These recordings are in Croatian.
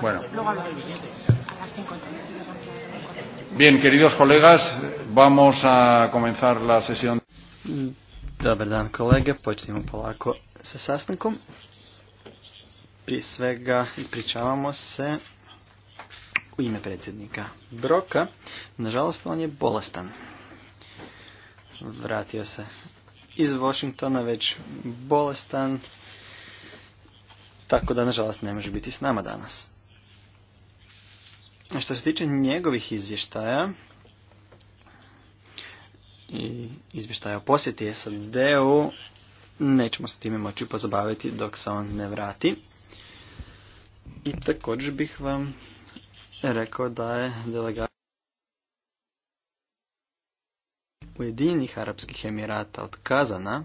Bueno. Bien, queridos colegas, vamos a comenzar la sesión. Dobar dan kolege, počnimo polako sa sastankom. Prije svega ispričavamo se u ime predsjednika Broka. Nažalost, on je bolestan. Vratio se iz Washingtona već bolestan, tako da nažalost ne može biti s nama danas. Što se tiče njegovih izvještaja i izvještaja o posjeti SAD-u, nećemo se time moći pozabaviti dok se on ne vrati. I također bih vam rekao da je delegacija Ujedinjenih Arapskih Emirata otkazana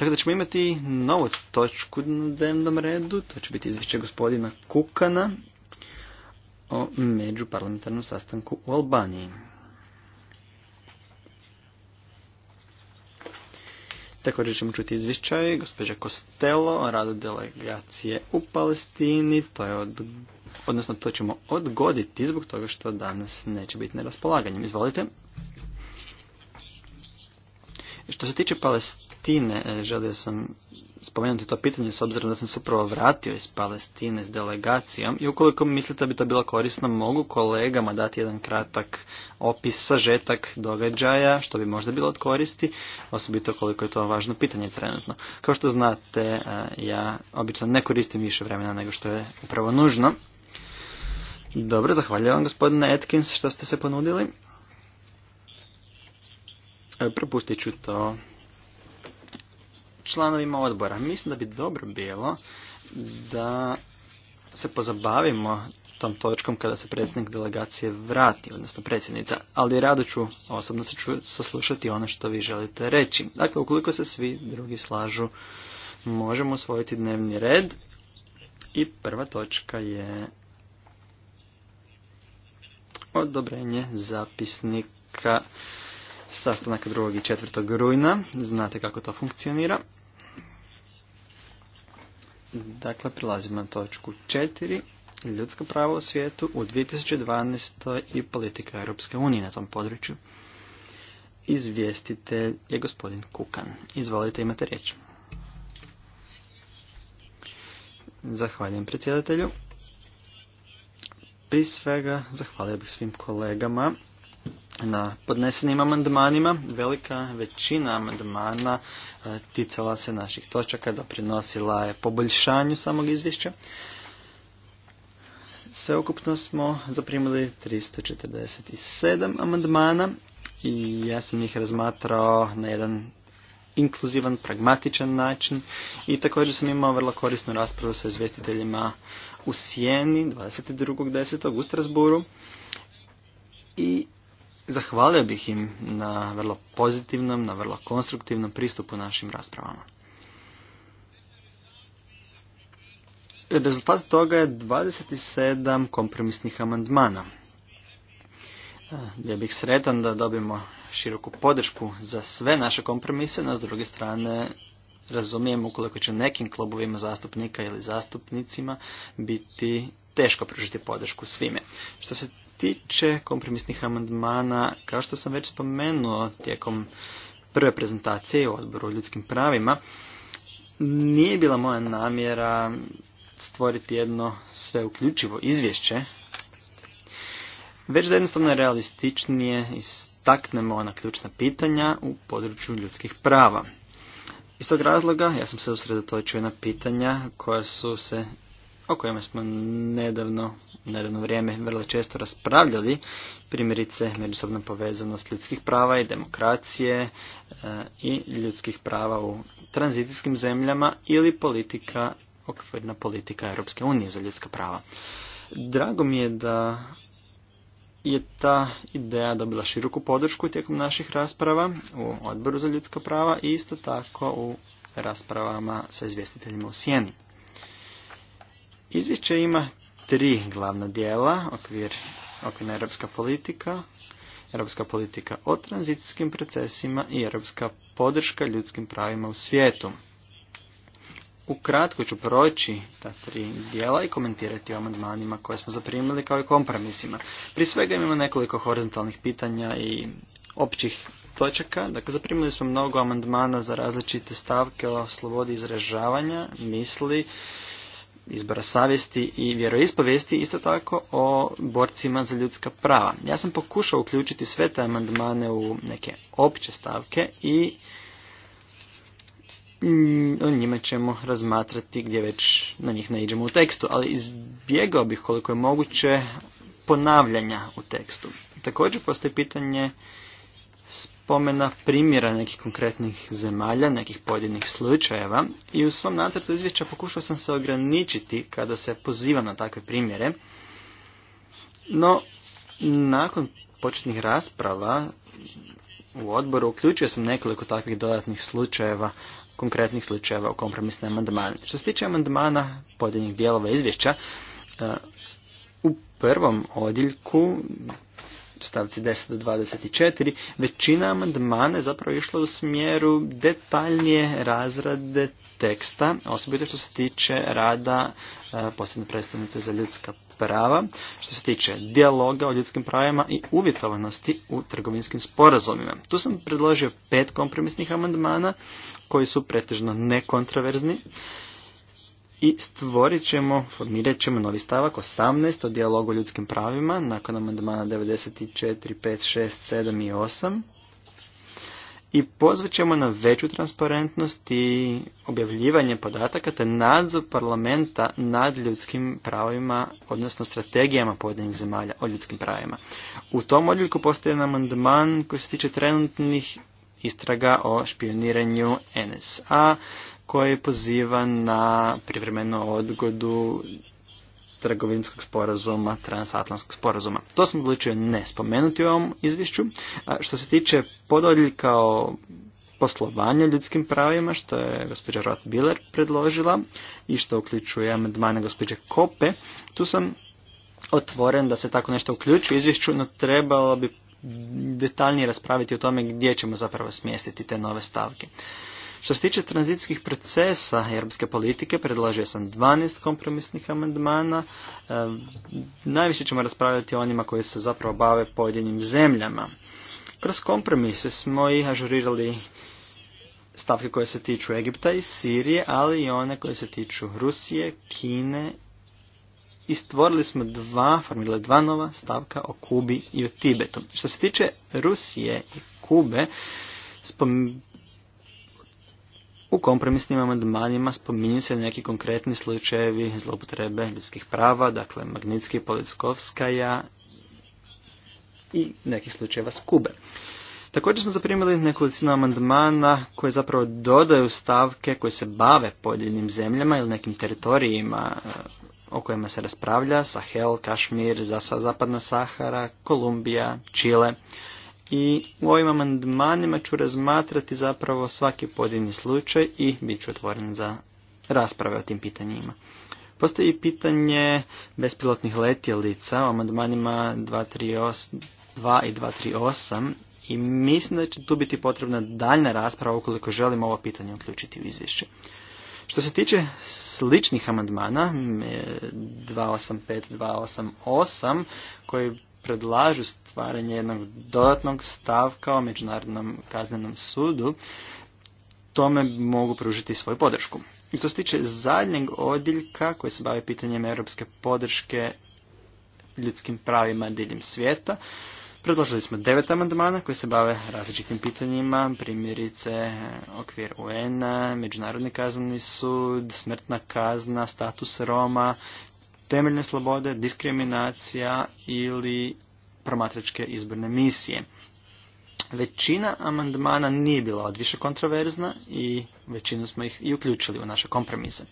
Tako da ćemo imati novu točku na dnevnom redu, to će biti izvješće gospodina Kukana o međuparlamentarnom sastanku u Albaniji. Također ćemo čuti izvješćaj gospođa Kostelo o radu delegacije u Palestini, to je odnosno to ćemo odgoditi zbog toga što danas neće biti na raspolaganju. Izvolite. Što se tiče Palestine, e, želio sam spomenuti to pitanje s obzirom da sam se upravo vratio iz Palestine s delegacijom i ukoliko mislite da bi to bilo korisno, mogu kolegama dati jedan kratak opis, sažetak događaja, što bi možda bilo od koristi, osobito koliko je to važno pitanje trenutno. Kao što znate, e, ja obično ne koristim više vremena nego što je upravo nužno. Dobro, zahvaljujem vam gospodine Atkins što ste se ponudili. E, propustit ću to članovima odbora. Mislim da bi dobro bilo da se pozabavimo tom točkom kada se predsjednik delegacije vrati, odnosno predsjednica, ali rado ću osobno se ću saslušati ono što vi želite reći. Dakle, ukoliko se svi drugi slažu, možemo osvojiti dnevni red i prva točka je odobrenje zapisnika sastanak 2. i 4. rujna. Znate kako to funkcionira. Dakle, prilazimo na točku 4. Ljudsko pravo u svijetu u 2012. i politika Europske unije na tom području. Izvjestitelj je gospodin Kukan. Izvolite, imate riječ. Zahvaljujem predsjedatelju. Prije svega zahvalio svim kolegama na podnesenim amandmanima. Velika većina amandmana e, ticala se naših točaka, doprinosila je poboljšanju samog izvješća. Sveukupno smo zaprimili 347 amandmana i ja sam ih razmatrao na jedan inkluzivan, pragmatičan način i također sam imao vrlo korisnu raspravu sa izvjestiteljima u Sijeni 22.10. u Strasburu i Zahvalio bih im na vrlo pozitivnom, na vrlo konstruktivnom pristupu našim raspravama. Rezultat toga je 27 kompromisnih amandmana. Ja bih sretan da dobijemo široku podršku za sve naše kompromise, no s druge strane razumijem ukoliko će nekim klubovima zastupnika ili zastupnicima biti teško pružiti podršku svime. Što se tiče kompromisnih amandmana, kao što sam već spomenuo tijekom prve prezentacije u odboru o ljudskim pravima, nije bila moja namjera stvoriti jedno sveuključivo izvješće, već da jednostavno realističnije istaknemo ona ključna pitanja u području ljudskih prava. Iz tog razloga ja sam se usredotočio na pitanja koja su se o kojima smo nedavno, nedavno vrijeme vrlo često raspravljali, primjerice međusobna povezanost ljudskih prava i demokracije e, i ljudskih prava u tranzicijskim zemljama ili politika, okvirna politika Europske unije za ljudska prava. Drago mi je da je ta ideja dobila široku podršku tijekom naših rasprava u Odboru za ljudska prava i isto tako u raspravama sa izvjestiteljima u Sjeni. Izvješće ima tri glavna dijela, okvir, okvirna europska politika, europska politika o tranzicijskim procesima i europska podrška ljudskim pravima u svijetu. Ukratko ću proći ta tri dijela i komentirati o amandmanima koje smo zaprimili kao i kompromisima. Prije svega imamo nekoliko horizontalnih pitanja i općih točaka. Dakle, zaprimili smo mnogo amandmana za različite stavke o slobodi izražavanja, misli, izbora savjesti i vjeroispovijesti, isto tako o borcima za ljudska prava. Ja sam pokušao uključiti sve te amandmane u neke opće stavke i mm, o njima ćemo razmatrati gdje već na njih ne iđemo u tekstu, ali izbjegao bih koliko je moguće ponavljanja u tekstu. Također postoji pitanje spomena primjera nekih konkretnih zemalja, nekih pojedinih slučajeva i u svom nacrtu izvješća pokušao sam se ograničiti kada se pozivam na takve primjere. No, nakon početnih rasprava u odboru uključio sam nekoliko takvih dodatnih slučajeva, konkretnih slučajeva u kompromisne amandmane. Što se tiče amandmana pojedinih dijelova izvješća, e, u prvom odjeljku stavci 10 do 24, većina amandmana je zapravo išla u smjeru detaljnije razrade teksta, osobito što se tiče rada e, posebne predstavnice za ljudska prava, što se tiče dijaloga o ljudskim pravima i uvjetovanosti u trgovinskim sporazumima. Tu sam predložio pet kompromisnih amandmana koji su pretežno nekontroverzni i stvorit ćemo, formirat ćemo novi stavak 18 o dijalogu o ljudskim pravima nakon amandmana 94, 5, 6, 7 i 8 i pozvat ćemo na veću transparentnost i objavljivanje podataka te nadzor parlamenta nad ljudskim pravima, odnosno strategijama pojedinih zemalja o ljudskim pravima. U tom odljeljku postoji jedan amandman koji se tiče trenutnih istraga o špioniranju NSA, koji poziva na privremenu odgodu trgovinskog sporazuma, transatlantskog sporazuma. To sam odlučio ne spomenuti u ovom izvješću. A što se tiče pododljika kao poslovanja ljudskim pravima, što je gospođa Roth Biller predložila i što uključuje amandmane gospođe Kope, tu sam otvoren da se tako nešto uključi u izvješću, no trebalo bi detaljnije raspraviti o tome gdje ćemo zapravo smjestiti te nove stavke. Što se tiče tranzicijskih procesa europske politike, predlažio sam 12 kompromisnih amandmana. E, najviše ćemo raspravljati o onima koji se zapravo bave pojedinim zemljama. Kroz kompromise smo i ažurirali stavke koje se tiču Egipta i Sirije, ali i one koje se tiču Rusije, Kine i stvorili smo dva, formule dva nova stavka o Kubi i o Tibetu. Što se tiče Rusije i Kube, u kompromisnim amandmanima spominju se neki konkretni slučajevi zloupotrebe ljudskih prava, dakle Magnitski i i nekih slučajeva s Kube. Također smo zaprimili nekolicinu amandmana koje zapravo dodaju stavke koje se bave pojedinim zemljama ili nekim teritorijima eh, o kojima se raspravlja, Sahel, Kašmir, Zapadna Sahara, Kolumbija, Čile i u ovim amandmanima ću razmatrati zapravo svaki pojedini slučaj i bit ću otvoren za rasprave o tim pitanjima. Postoji pitanje bespilotnih letjelica u amandmanima 238, 2 i 238 i mislim da će tu biti potrebna daljna rasprava ukoliko želimo ovo pitanje uključiti u izvješće. Što se tiče sličnih amandmana 285, 288 koji predlažu stvaranje jednog dodatnog stavka o Međunarodnom kaznenom sudu, tome mogu pružiti svoju podršku. I što se tiče zadnjeg odjeljka koji se bave pitanjem europske podrške ljudskim pravima diljem svijeta, predložili smo devet amandmana koji se bave različitim pitanjima, primjerice okvir UN-a, Međunarodni kazneni sud, smrtna kazna, status Roma, temeljne slobode, diskriminacija ili promatračke izborne misije. Većina amandmana nije bila odviše kontroverzna i većinu smo ih i uključili u naše kompromise.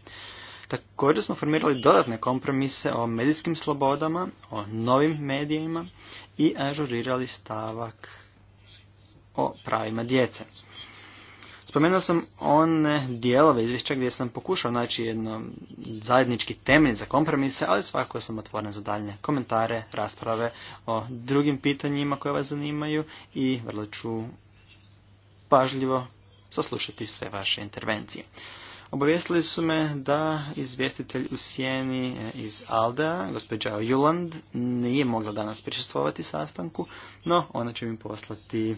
Također smo formirali dodatne kompromise o medijskim slobodama, o novim medijima i ažurirali stavak o pravima djece. Spomenuo sam one dijelove izvješća gdje sam pokušao naći jedno zajednički temelj za kompromise, ali svakako sam otvoren za daljne komentare, rasprave o drugim pitanjima koje vas zanimaju i vrlo ću pažljivo saslušati sve vaše intervencije. Obavijestili su me da izvjestitelj u sjeni e, iz Aldea, gospođa Juland, nije mogla danas prisustvovati sastanku, no ona će mi poslati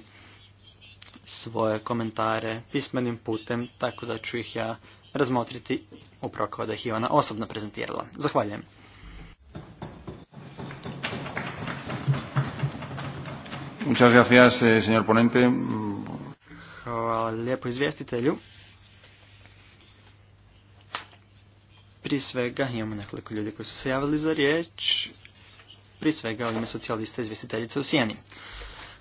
svoje komentare pismenim putem, tako da ću ih ja razmotriti upravo kao da ih je ona osobno prezentirala. Zahvaljujem. Muchas eh, Hvala lijepo izvjestitelju. Prije svega imamo nekoliko ljudi koji su se javili za riječ. Prije svega u ime socijalista izvjestiteljice u Sijeni.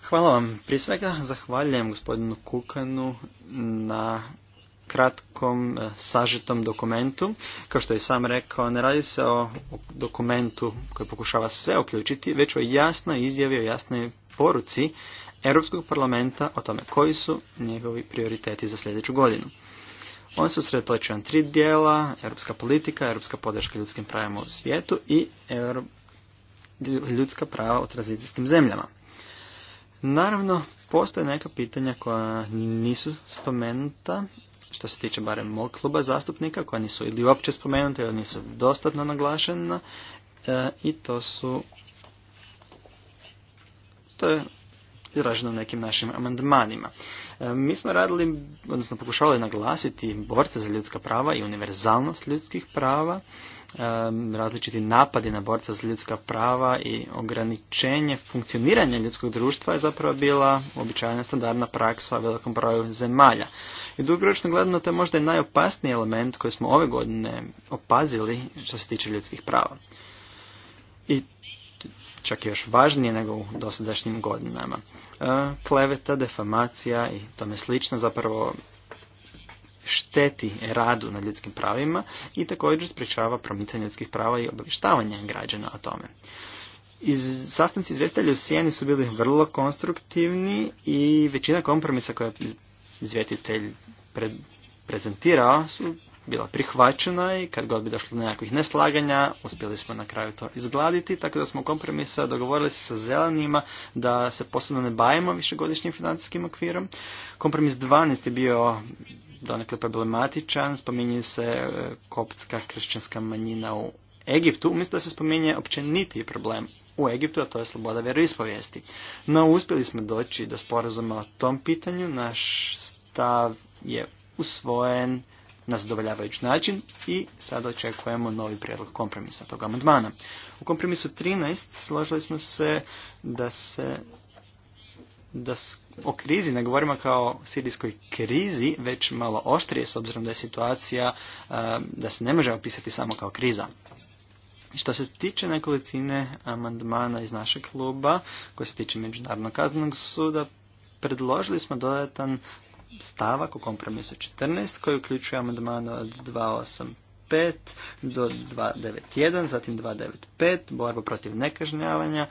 Hvala vam. Prije svega zahvaljujem gospodinu Kukanu na kratkom e, sažetom dokumentu. Kao što je sam rekao, ne radi se o dokumentu koji pokušava sve uključiti, već o jasnoj izjavi, o jasnoj poruci Europskog parlamenta o tome koji su njegovi prioriteti za sljedeću godinu. On se usredotočio na tri dijela, europska politika, europska podrška ljudskim pravima u svijetu i ljudska prava u tranzicijskim zemljama. Naravno, postoje neka pitanja koja nisu spomenuta, što se tiče barem mog kluba zastupnika, koja nisu ili uopće spomenuta ili nisu dostatno naglašena e, i to su to je izraženo nekim našim amandmanima. E, mi smo radili, odnosno pokušavali naglasiti borce za ljudska prava i univerzalnost ljudskih prava, e, različiti napadi na borca za ljudska prava i ograničenje funkcioniranja ljudskog društva je zapravo bila običajna standardna praksa u velikom broju zemalja. I dugoročno gledano to je možda najopasniji element koji smo ove godine opazili što se tiče ljudskih prava. I čak još važnije nego u dosadašnjim godinama. E, kleveta, defamacija i tome slično zapravo šteti radu na ljudskim pravima i također sprječava promicanje ljudskih prava i obavještavanje građana o tome. Iz, sastanci izvjetitelja u Sijeni su bili vrlo konstruktivni i većina kompromisa koja je izvjetitelj prezentirao su bila prihvaćena i kad god bi došlo do nekakvih neslaganja, uspjeli smo na kraju to izgladiti, tako da smo kompromisa dogovorili se sa zelenima da se posebno ne bajemo višegodišnjim financijskim okvirom. Kompromis 12 je bio donekle problematičan, spominje se e, koptska kršćanska manjina u Egiptu, umjesto da se spominje općenitiji problem u Egiptu, a to je sloboda vjeroispovijesti. No uspjeli smo doći do sporazuma o tom pitanju, naš stav je usvojen na zadovoljavajući način i sada očekujemo novi prijedlog kompromisa tog amandmana. U kompromisu 13 složili smo se da se da o krizi ne govorimo kao sirijskoj krizi, već malo oštrije s obzirom da je situacija e, da se ne može opisati samo kao kriza. Što se tiče nekolicine amandmana iz našeg kluba, koji se tiče Međunarodnog kaznenog suda, predložili smo dodatan stavak u kompromisu 14 koji uključuje amandmane od 285 do 291, zatim 295, borba protiv nekažnjavanja,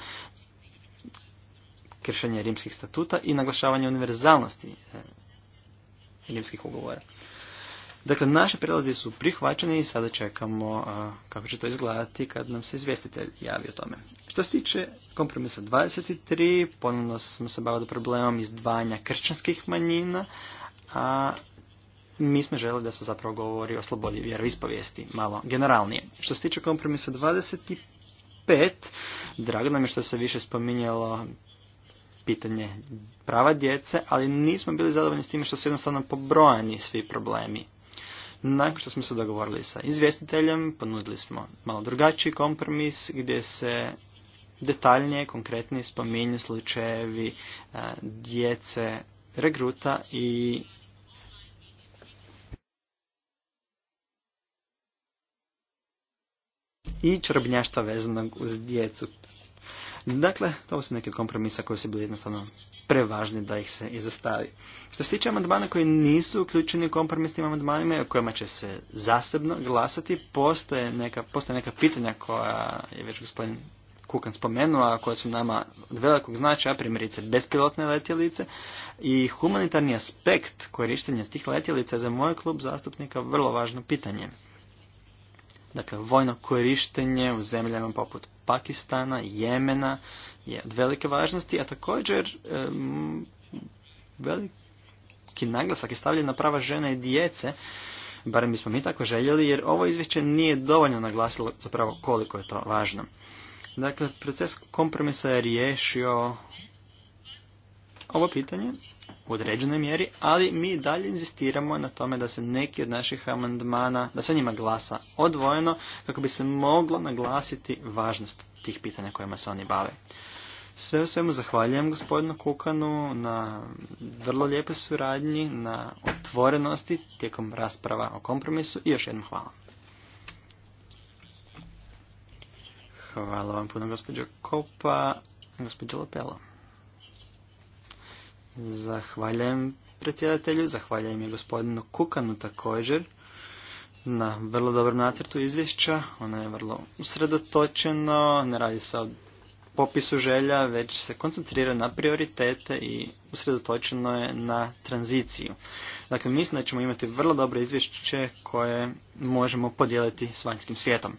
kršenje rimskih statuta i naglašavanje univerzalnosti eh, rimskih ugovora. Dakle, naše prilazi su prihvaćeni i sada čekamo kako će to izgledati kad nam se izvjestitelj javi o tome. Što se tiče kompromisa 23, ponovno smo se bavili problemom izdvajanja kršćanskih manjina, a mi smo želi da se zapravo govori o slobodi vjeroispovijesti malo generalnije. Što se tiče kompromisa 25, drago nam je što se više spominjalo pitanje prava djece, ali nismo bili zadovoljni s time što su jednostavno pobrojani svi problemi. Nakon što smo se dogovorili sa izvjestiteljem, ponudili smo malo drugačiji kompromis gdje se detaljnije, konkretnije spominju slučajevi e, djece regruta i i vezanog uz djecu. Dakle, to su neke kompromisa koje su bili jednostavno prevažni da ih se izostavi. Što se tiče amandmana koji nisu uključeni u kompromisnim amandmanima i o kojima će se zasebno glasati, postoje neka, neka pitanja koja je već gospodin Kukan spomenuo, a koja su nama od velikog značaja, primjerice bespilotne letjelice i humanitarni aspekt korištenja tih letjelica je za moj klub zastupnika vrlo važno pitanje. Dakle, vojno korištenje u zemljama poput Pakistana, Jemena, je od velike važnosti, a također veliki naglasak je stavljen na prava žena i djece, barem bismo mi tako željeli, jer ovo izvješće nije dovoljno naglasilo zapravo koliko je to važno. Dakle, proces kompromisa je riješio ovo pitanje u određenoj mjeri, ali mi dalje inzistiramo na tome da se neki od naših amandmana, da se njima glasa odvojeno, kako bi se moglo naglasiti važnost tih pitanja kojima se oni bave. Sve u svemu zahvaljujem gospodinu Kukanu na vrlo lijepoj suradnji, na otvorenosti tijekom rasprava o kompromisu i još jednom hvala. Hvala vam puno gospođo Kopa, gospođo Lopelo. Zahvaljujem predsjedatelju, zahvaljujem i gospodinu Kukanu također na vrlo dobrom nacrtu izvješća. Ono je vrlo usredotočeno, ne radi se o popisu želja, već se koncentrira na prioritete i usredotočeno je na tranziciju. Dakle, mislim da ćemo imati vrlo dobro izvješće koje možemo podijeliti s vanjskim svijetom.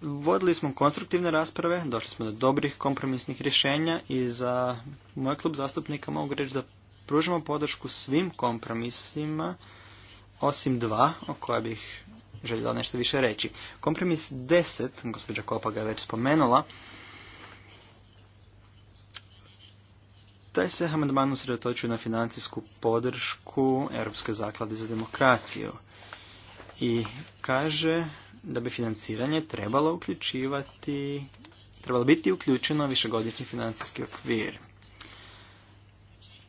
Vodili smo konstruktivne rasprave, došli smo do dobrih kompromisnih rješenja i za moj klub zastupnika mogu reći da pružimo podršku svim kompromisima osim dva o koja bih željela nešto više reći. Kompromis 10, gospođa Kopa ga je već spomenula, Taj se amandman usredotočio na financijsku podršku Europske zaklade za demokraciju i kaže da bi financiranje trebalo uključivati, trebalo biti uključeno višegodišnji financijski okvir.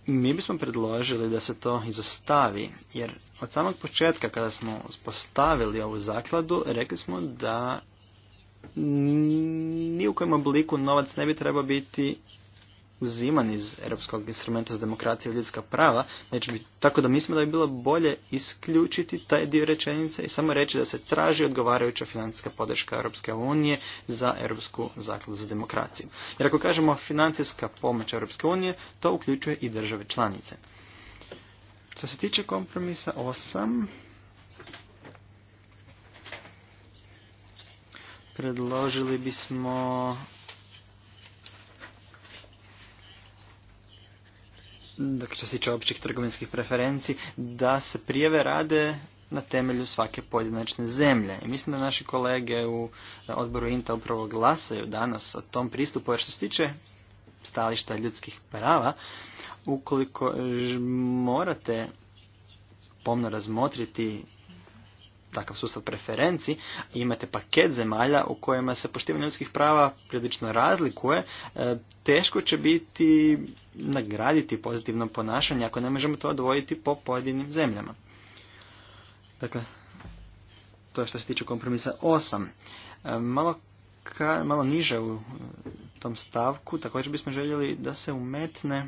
Mi bismo predložili da se to izostavi, jer od samog početka kada smo postavili ovu zakladu, rekli smo da ni u kojem obliku novac ne bi trebao biti uziman iz Europskog instrumenta za demokraciju i ljudska prava, neće znači biti, tako da mislimo da bi bilo bolje isključiti taj dio rečenice i samo reći da se traži odgovarajuća financijska podrška Europske unije za Europsku zakladu za demokraciju. Jer ako kažemo financijska pomoć Europske unije, to uključuje i države članice. Što se tiče kompromisa 8, predložili bismo dakle što se tiče općih trgovinskih preferenci, da se prijeve rade na temelju svake pojedinačne zemlje. I mislim da naši kolege u odboru INTA upravo glasaju danas o tom pristupu, jer što se tiče stališta ljudskih prava, ukoliko morate pomno razmotriti takav sustav preferenci, imate paket zemalja u kojima se poštivanje ljudskih prava prilično razlikuje, e, teško će biti nagraditi pozitivno ponašanje ako ne možemo to odvojiti po pojedinim zemljama. Dakle, to je što se tiče kompromisa 8. E, malo, ka, malo niže u tom stavku također bismo željeli da se umetne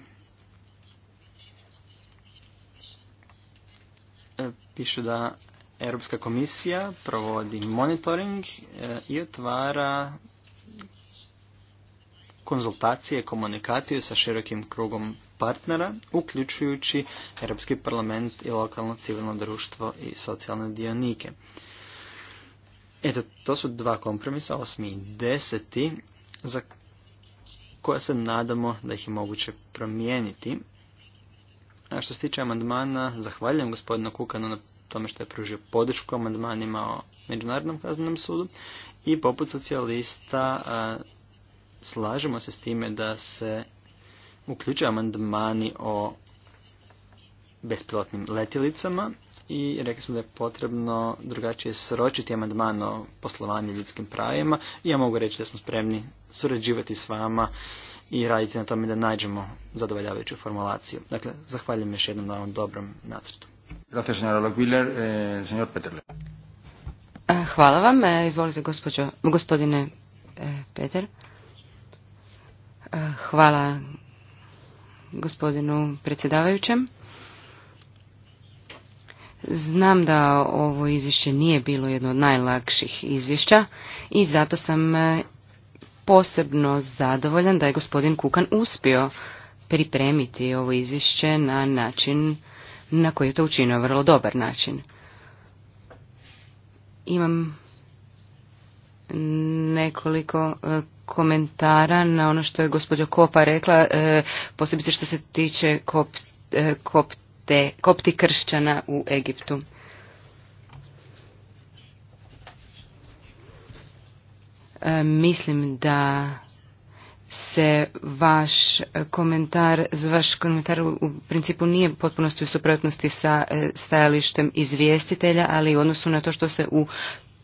e, piše da Europska komisija provodi monitoring eh, i otvara konzultacije komunikacije komunikaciju sa širokim krugom partnera, uključujući Europski parlament i lokalno civilno društvo i socijalne dionike. Eto, to su dva kompromisa, osmi i deseti, za koja se nadamo da ih je moguće promijeniti. A što se tiče amandmana, zahvaljujem gospodinu Kukanu na tome što je pružio podršku amandmanima o Međunarodnom kaznenom sudu i poput socijalista slažemo se s time da se uključuju amandmani o bespilotnim letjelicama i rekli smo da je potrebno drugačije sročiti amandman o poslovanju ljudskim pravima i ja mogu reći da smo spremni surađivati s vama i raditi na tome da nađemo zadovoljavajuću formulaciju. Dakle, zahvaljujem još jednom na ovom dobrom nacrtu. Eh, eh, hvala vam. Eh, izvolite, gospodine Peter. Hvala gospodinu predsjedavajućem. Znam da ovo izvješće nije bilo jedno od najlakših izvješća i zato sam posebno zadovoljan da je gospodin Kukan uspio pripremiti ovo izvješće na način na koji je to učinio vrlo dobar način. Imam nekoliko e, komentara na ono što je gospođa Kopa rekla, e, posebice što se tiče e, kopti kršćana u Egiptu. Mislim da se vaš komentar, vaš komentar u principu nije potpunosti u suprotnosti sa e, stajalištem izvjestitelja, ali u odnosu na to što se u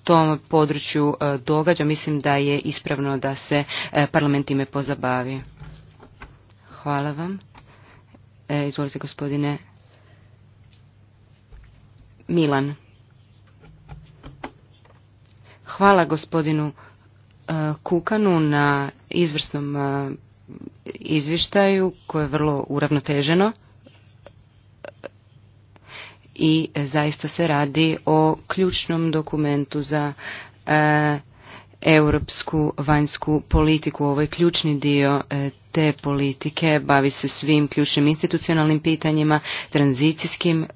tom području e, događa, mislim da je ispravno da se e, parlament time pozabavi. Hvala vam. Izvolite gospodine Milan. Hvala gospodinu E, kukanu na izvrsnom e, izvištaju koje je vrlo uravnoteženo i zaista se radi o ključnom dokumentu za e, europsku vanjsku politiku. Ovo je ključni dio te politike, bavi se svim ključnim institucionalnim pitanjima, tranzicijskim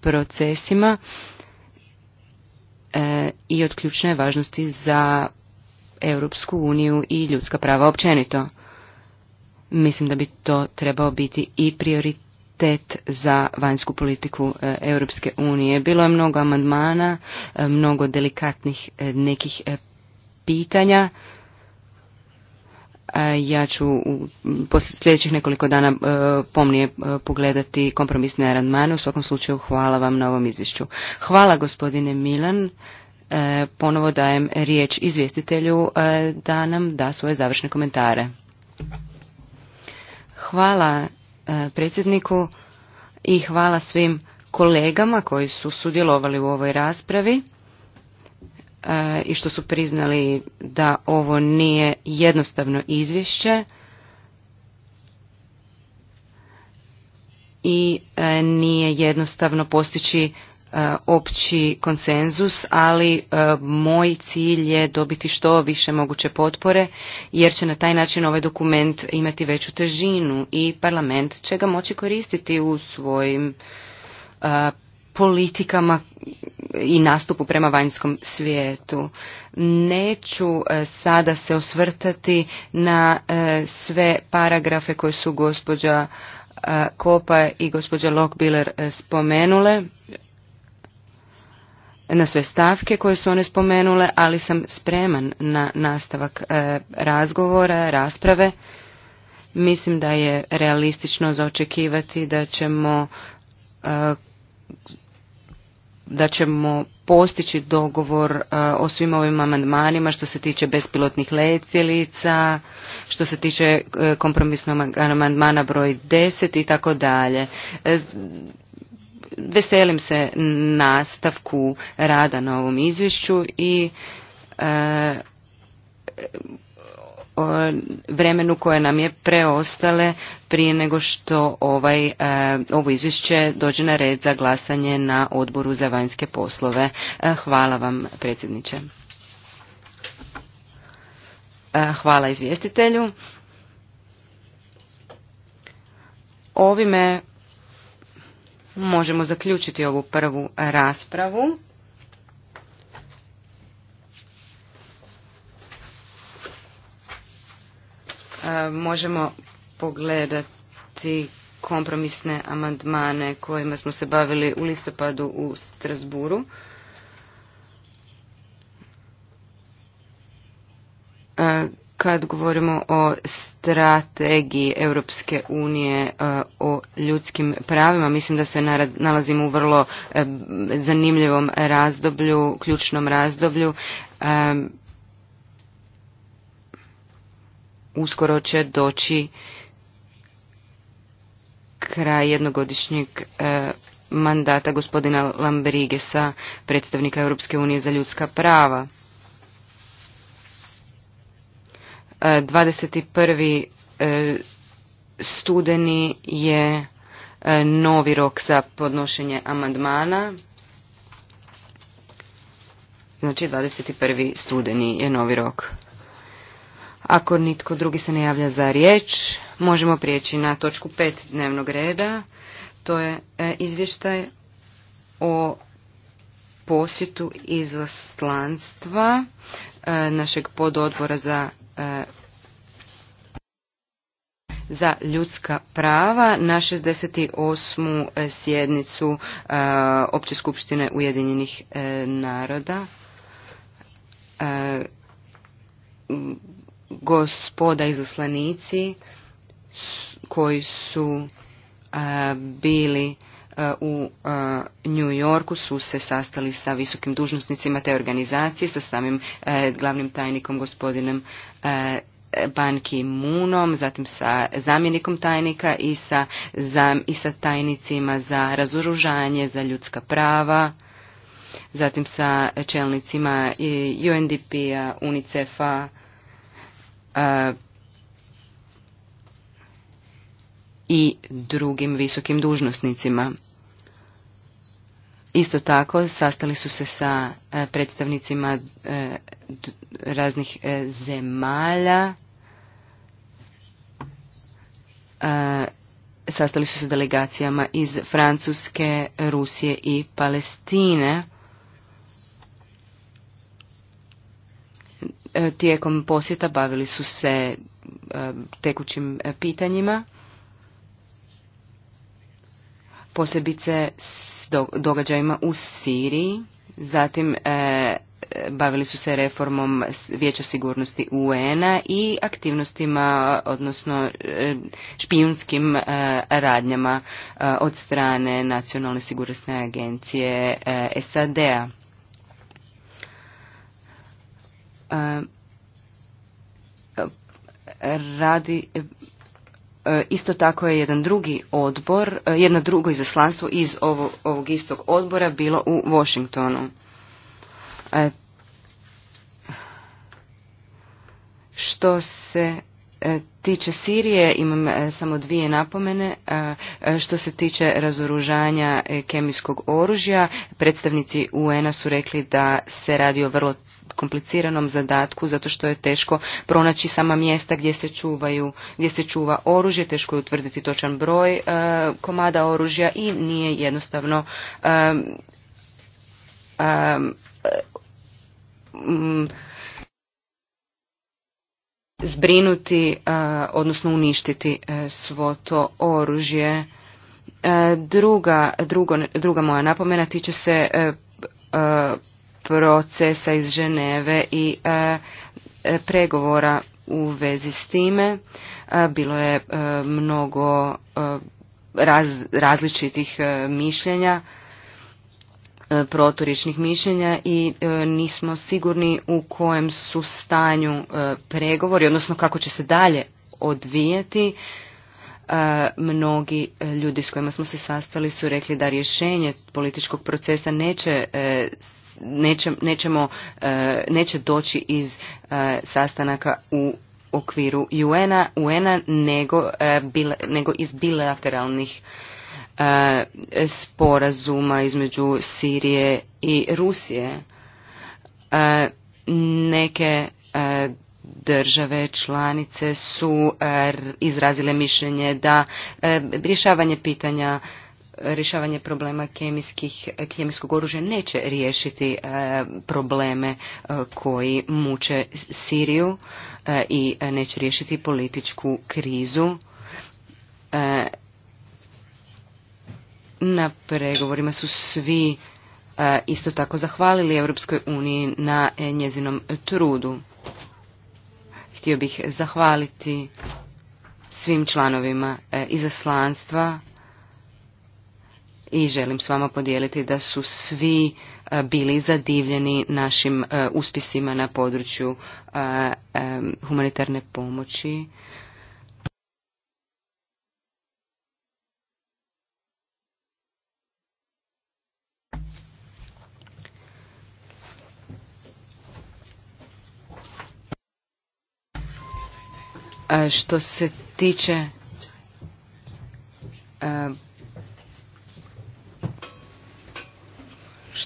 procesima i od ključne važnosti za Europsku uniju i ljudska prava općenito. Mislim da bi to trebao biti i prioritet za vanjsku politiku e, Europske unije. Bilo je mnogo amandmana, e, mnogo delikatnih e, nekih pitanja. Ja ću u sljedećih nekoliko dana pomnije pogledati kompromisne amandmane. U svakom slučaju hvala vam na ovom izvješću. Hvala gospodine Milan. E, ponovo dajem riječ izvjestitelju e, da nam da svoje završne komentare. Hvala e, predsjedniku i hvala svim kolegama koji su sudjelovali u ovoj raspravi i što su priznali da ovo nije jednostavno izvješće i nije jednostavno postići E, opći konsenzus, ali e, moj cilj je dobiti što više moguće potpore jer će na taj način ovaj dokument imati veću težinu i parlament će ga moći koristiti u svojim e, politikama i nastupu prema vanjskom svijetu. Neću sada se osvrtati na sve paragrafe koje su gospođa Kopa i gospođa Lokbiler spomenule na sve stavke koje su one spomenule, ali sam spreman na nastavak e, razgovora, rasprave. Mislim da je realistično zaočekivati da ćemo e, da ćemo postići dogovor e, o svim ovim amandmanima što se tiče bespilotnih letjelica, što se tiče kompromisnog amandmana broj 10 i tako dalje. Veselim se nastavku rada na ovom izvješću i e, vremenu koje nam je preostale prije nego što ovaj, e, ovo izvješće dođe na red za glasanje na odboru za vanjske poslove. E, hvala vam predsjedniče. Hvala izvjestitelju. Ovime možemo zaključiti ovu prvu raspravu. E, možemo pogledati kompromisne amandmane kojima smo se bavili u listopadu u Strasburu. E, kad govorimo o strategiji Europske unije e, o ljudskim pravima, mislim da se nalazimo u vrlo e, zanimljivom razdoblju, ključnom razdoblju. E, uskoro će doći kraj jednogodišnjeg mandata gospodina Lamberigesa, predstavnika Europske unije za ljudska prava. 21. E, studeni je e, novi rok za podnošenje amandmana. Znači 21. studeni je novi rok. Ako nitko drugi se ne javlja za riječ, možemo prijeći na točku 5 dnevnog reda. To je e, izvještaj o posjetu izlaslanstva našeg pododbora za E, za ljudska prava na 68. E, sjednicu e, Opće skupštine Ujedinjenih naroda. Gospoda izaslanici koji su bili E, u New Yorku su se sastali sa visokim dužnosnicima te organizacije, sa samim e, glavnim tajnikom gospodinom e, Ban Ki-moonom, zatim sa zamjenikom tajnika i sa, i sa tajnicima za razoružanje, za ljudska prava, zatim sa čelnicima UNDP-a, UNICEF-a, i drugim visokim dužnosnicima. Isto tako sastali su se sa e, predstavnicima e, raznih e, zemalja. Sastali su se delegacijama iz Francuske, Rusije i Palestine. Tijekom posjeta bavili su se tekućim pitanjima posebice s događajima u Siriji, zatim e, e, bavili su se reformom Vijeća sigurnosti UN-a i aktivnostima, odnosno e, špijunskim radnjama od strane Nacionalne sigurnosne agencije SAD-a. Radi E, isto tako je jedan drugi odbor, e, jedno drugo izaslanstvo iz ovog, istog odbora bilo u Washingtonu. E, što se tiče Sirije, imam samo dvije napomene. Što se tiče razoružanja kemijskog oružja, predstavnici UN-a su rekli da se radi o vrlo kompliciranom zadatku zato što je teško pronaći sama mjesta gdje se čuvaju, gdje se čuva oružje, teško je utvrditi točan broj e, komada oružja i nije jednostavno e, e, zbrinuti, odnosno uništiti svo to oružje. Druga, drugo, druga moja napomena tiče se procesa iz Ženeve i e, e, pregovora u vezi s time. E, bilo je mnogo različitih mišljenja, protoričnih mišljenja i nismo sigurni u kojem su stanju pregovori, odnosno kako će se dalje odvijati. Mnogi ljudi s kojima smo se sastali su rekli da rješenje političkog procesa neće neće, nećemo, e, neće doći iz e, sastanaka u okviru UN-a, un nego, e, nego iz bilateralnih sporazuma između Sirije i Rusije. Neke države članice su izrazile mišljenje da rješavanje pitanja rješavanje problema kemijskih, kemijskog oružja neće riješiti e, probleme e, koji muče Siriju e, i neće riješiti političku krizu. Na pregovorima su svi isto tako zahvalili Europskoj uniji na njezinom trudu. Htio bih zahvaliti svim članovima izaslanstva i želim s vama podijeliti da su svi e, bili zadivljeni našim e, uspisima na području e, humanitarne pomoći. Što se tiče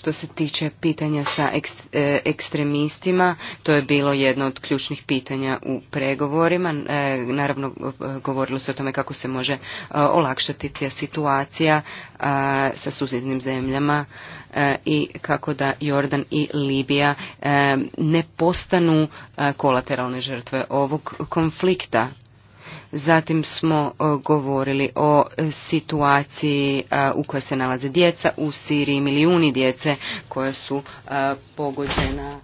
Što se tiče pitanja sa e, ekstremistima, to je bilo jedno od ključnih pitanja u pregovorima. E, naravno, e, govorilo se o tome kako se može olakšati ta situacija sa susjednim zemljama i kako da Jordan i Libija ne postanu kolateralne žrtve ovog konflikta Zatim smo e, govorili o e, situaciji e, u kojoj se nalaze djeca u Siriji, milijuni djece koja su pogođena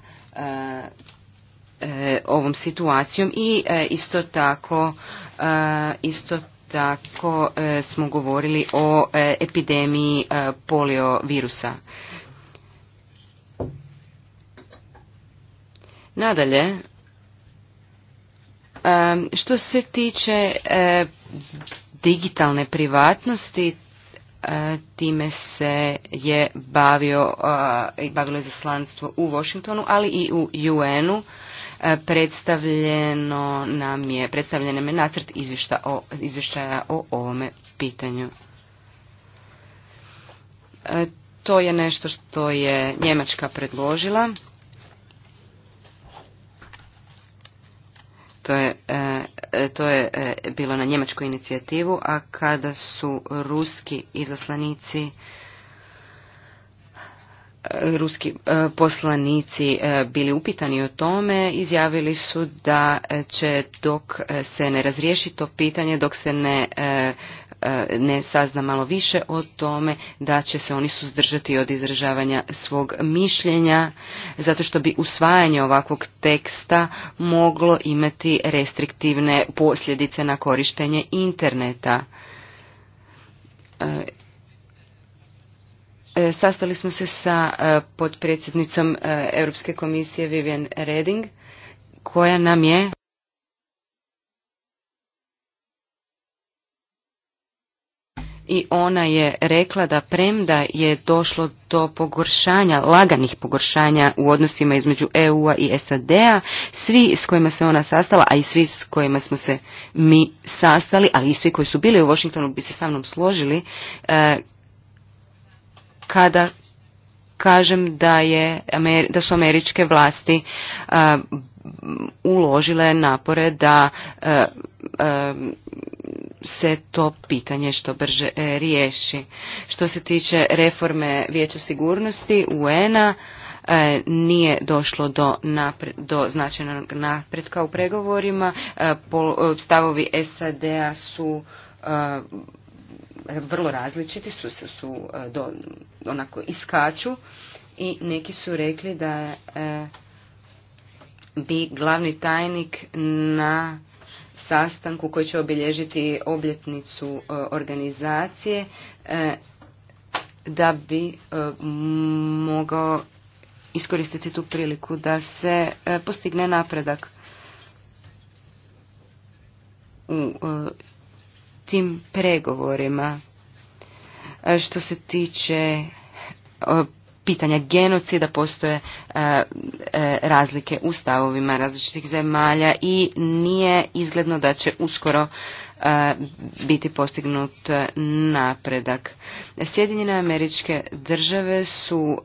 ovom situacijom i isto tako isto tako smo govorili o epidemiji poliovirusa. Nadalje, što se tiče e, digitalne privatnosti, e, time se je bavio e, i bavilo zaslanstvo u Washingtonu, ali i u UN-u. Predstavljeno nam je, predstavljen nam je nacrt o, izvještaja o ovome pitanju. To je nešto što je Njemačka predložila. To je, e, e, to je e, bilo na njemačku inicijativu, a kada su ruski izaslanici ruski poslanici bili upitani o tome, izjavili su da će dok se ne razriješi to pitanje, dok se ne E, ne sazna malo više o tome da će se oni suzdržati od izražavanja svog mišljenja zato što bi usvajanje ovakvog teksta moglo imati restriktivne posljedice na korištenje interneta. E, e, sastali smo se sa podpredsjednicom Europske komisije Vivian Reding koja nam je i ona je rekla da premda je došlo do pogoršanja, laganih pogoršanja u odnosima između EU-a i SAD-a, svi s kojima se ona sastala, a i svi s kojima smo se mi sastali, ali i svi koji su bili u Washingtonu bi se sa mnom složili, e, kada kažem da, je, da su američke vlasti e, uložile napore da e, e, se to pitanje što brže e, riješi. Što se tiče reforme Vijeća sigurnosti UN-a, nije došlo do, do značajnog napretka u pregovorima. stavovi SAD-a su vrlo različiti, su, su, onako iskaču i neki su rekli da bi glavni tajnik na sastanku koji će obilježiti obljetnicu e, organizacije e, da bi e, mogao iskoristiti tu priliku da se postigne napredak u tim pregovorima što se tiče pitanja genocida, postoje e, e, razlike u stavovima različitih zemalja i nije izgledno da će uskoro e, biti postignut napredak. Sjedinjene američke države su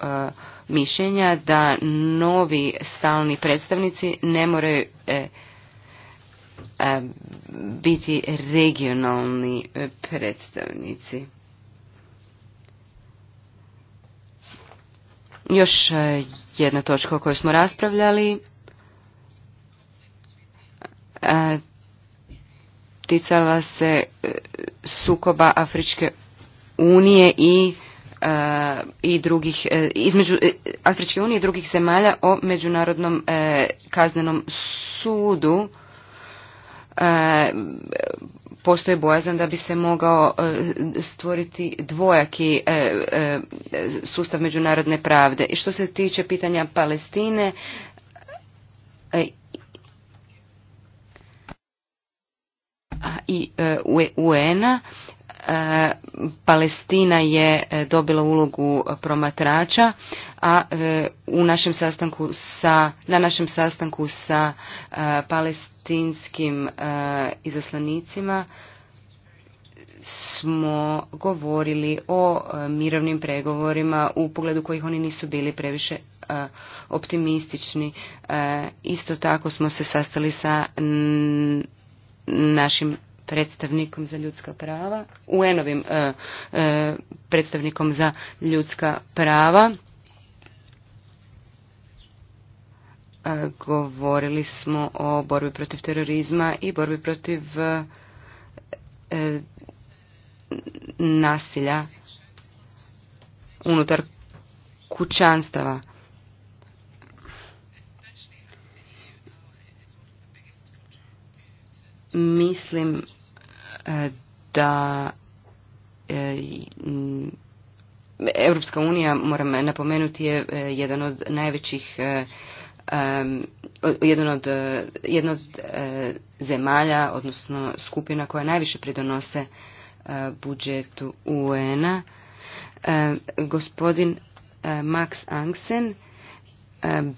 mišljenja da novi stalni predstavnici ne moraju biti regionalni predstavnici. Još e, jedna točka o kojoj smo raspravljali e, ticala se e, sukoba Afričke unije i i drugih između Afričke unije i drugih zemalja o međunarodnom kaznenom sudu E, postoje bojazan da bi se mogao e, stvoriti dvojaki e, sustav međunarodne pravde. I što se tiče pitanja Palestine, i UN-a Palestina je e, dobila ulogu promatrača, a e, u našem sastanku sa, na našem sastanku sa e, palestinskim izaslanicima smo govorili o mirovnim pregovorima u pogledu kojih oni nisu bili previše optimistični. Isto tako smo se sastali sa našim predstavnikom za ljudska prava, UN-ovim e, e, predstavnikom za ljudska prava. E, govorili smo o borbi protiv terorizma i borbi protiv nasilja unutar kućanstava. Mislim da Europska unija, moram napomenuti, je e, jedan od najvećih e, jedan od, e, jedan od zemalja, odnosno skupina koja najviše pridonose budžetu UN-a. Gospodin Max Angsen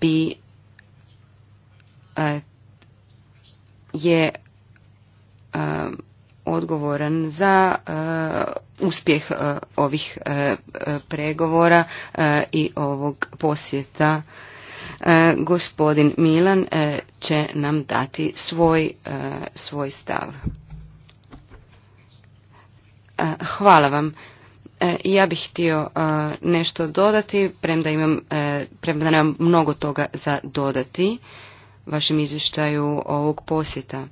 bi je odgovoran za e, uspjeh e, ovih e, pregovora i ovog posjeta. Gospodin Milan će nam dati svoj, svoj stav. Hvala vam. Ja bih htio nešto dodati, premda imam, premda nemam mnogo toga za dodati vašem izvještaju ovog posjeta.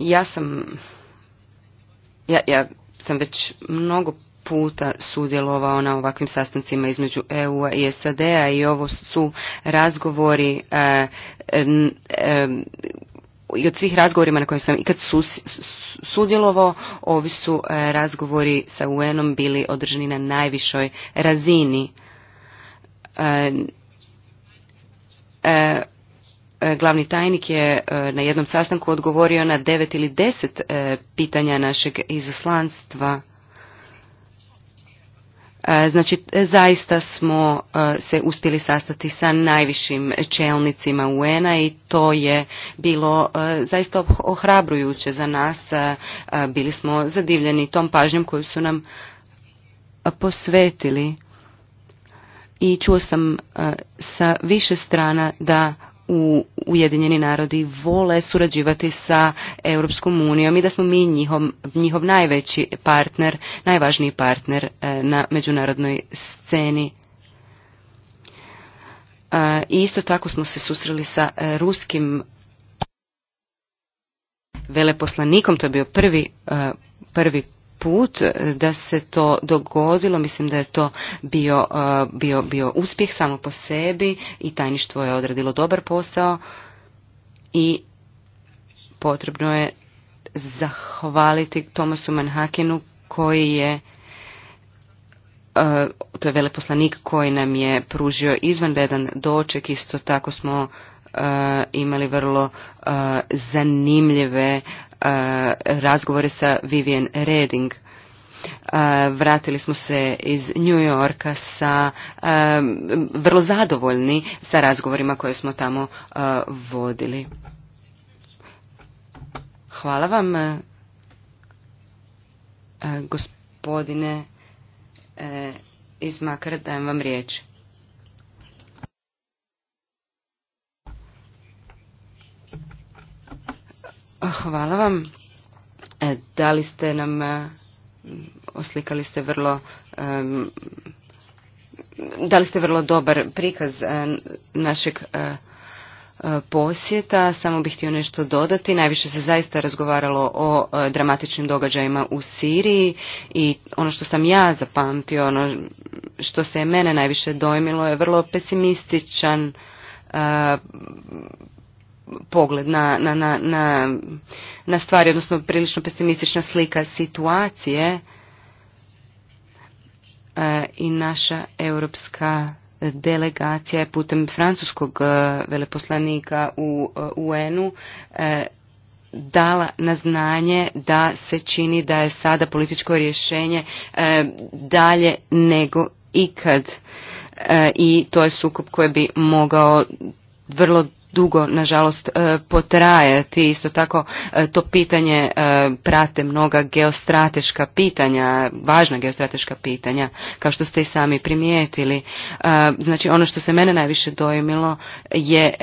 Ja sam, ja, ja sam već mnogo puta sudjelovao na ovakvim sastancima između EU-a i SAD-a i ovo su razgovori e, e, i od svih razgovorima na kojima sam ikad sudjelovao, ovi su eh, razgovori sa UN-om bili održani na najvišoj razini. E, E, glavni tajnik je e, na jednom sastanku odgovorio na devet ili deset e, pitanja našeg izoslanstva. Znači, zaista smo se uspjeli sastati sa najvišim čelnicima UN-a i to je bilo zaista ohrabrujuće za nas. Bili smo zadivljeni tom pažnjom koju su nam posvetili. I čuo sam sa više strana da u Ujedinjeni narodi vole surađivati sa Europskom unijom i da smo mi njihov, njihov najveći partner, najvažniji partner e, na međunarodnoj sceni. E, I isto tako smo se susreli sa e, ruskim veleposlanikom, to je bio prvi, prvi put e, da se to dogodilo, mislim da je to bio, e, bio, bio uspjeh samo po sebi i tajništvo je odradilo dobar posao i potrebno je zahvaliti Tomasu Manhakenu koji je e, to je veleposlanik koji nam je pružio izvanredan doček, isto tako smo Eh, imali vrlo eh, zanimljive eh, razgovore sa Vivian Reding. Vratili smo se iz New Yorka sa vrlo zadovoljni sa razgovorima koje smo tamo vodili. Hvala vam gospodine iz Makara, dajem vam riječ. Hvala vam. E, dali ste nam, e, oslikali ste vrlo, dali ste vrlo dobar prikaz e, našeg posjeta. Samo bih htio nešto dodati. Najviše se zaista razgovaralo o dramatičnim događajima u Siriji i ono što sam ja zapamtio, ono što se je mene najviše dojmilo je vrlo pesimističan pogled na, na, na, na stvari, odnosno prilično pesimistična slika situacije e, i naša europska delegacija je putem francuskog e, veleposlanika u e, UN-u dala na znanje da se čini da je sada političko rješenje dalje nego ikad i to je sukob koji bi mogao vrlo dugo nažalost e, potrajati. Isto tako e, to pitanje e, prate mnoga geostrateška pitanja, važna geostrateška pitanja, kao što ste i sami primijetili. Znači ono što se mene najviše dojmilo je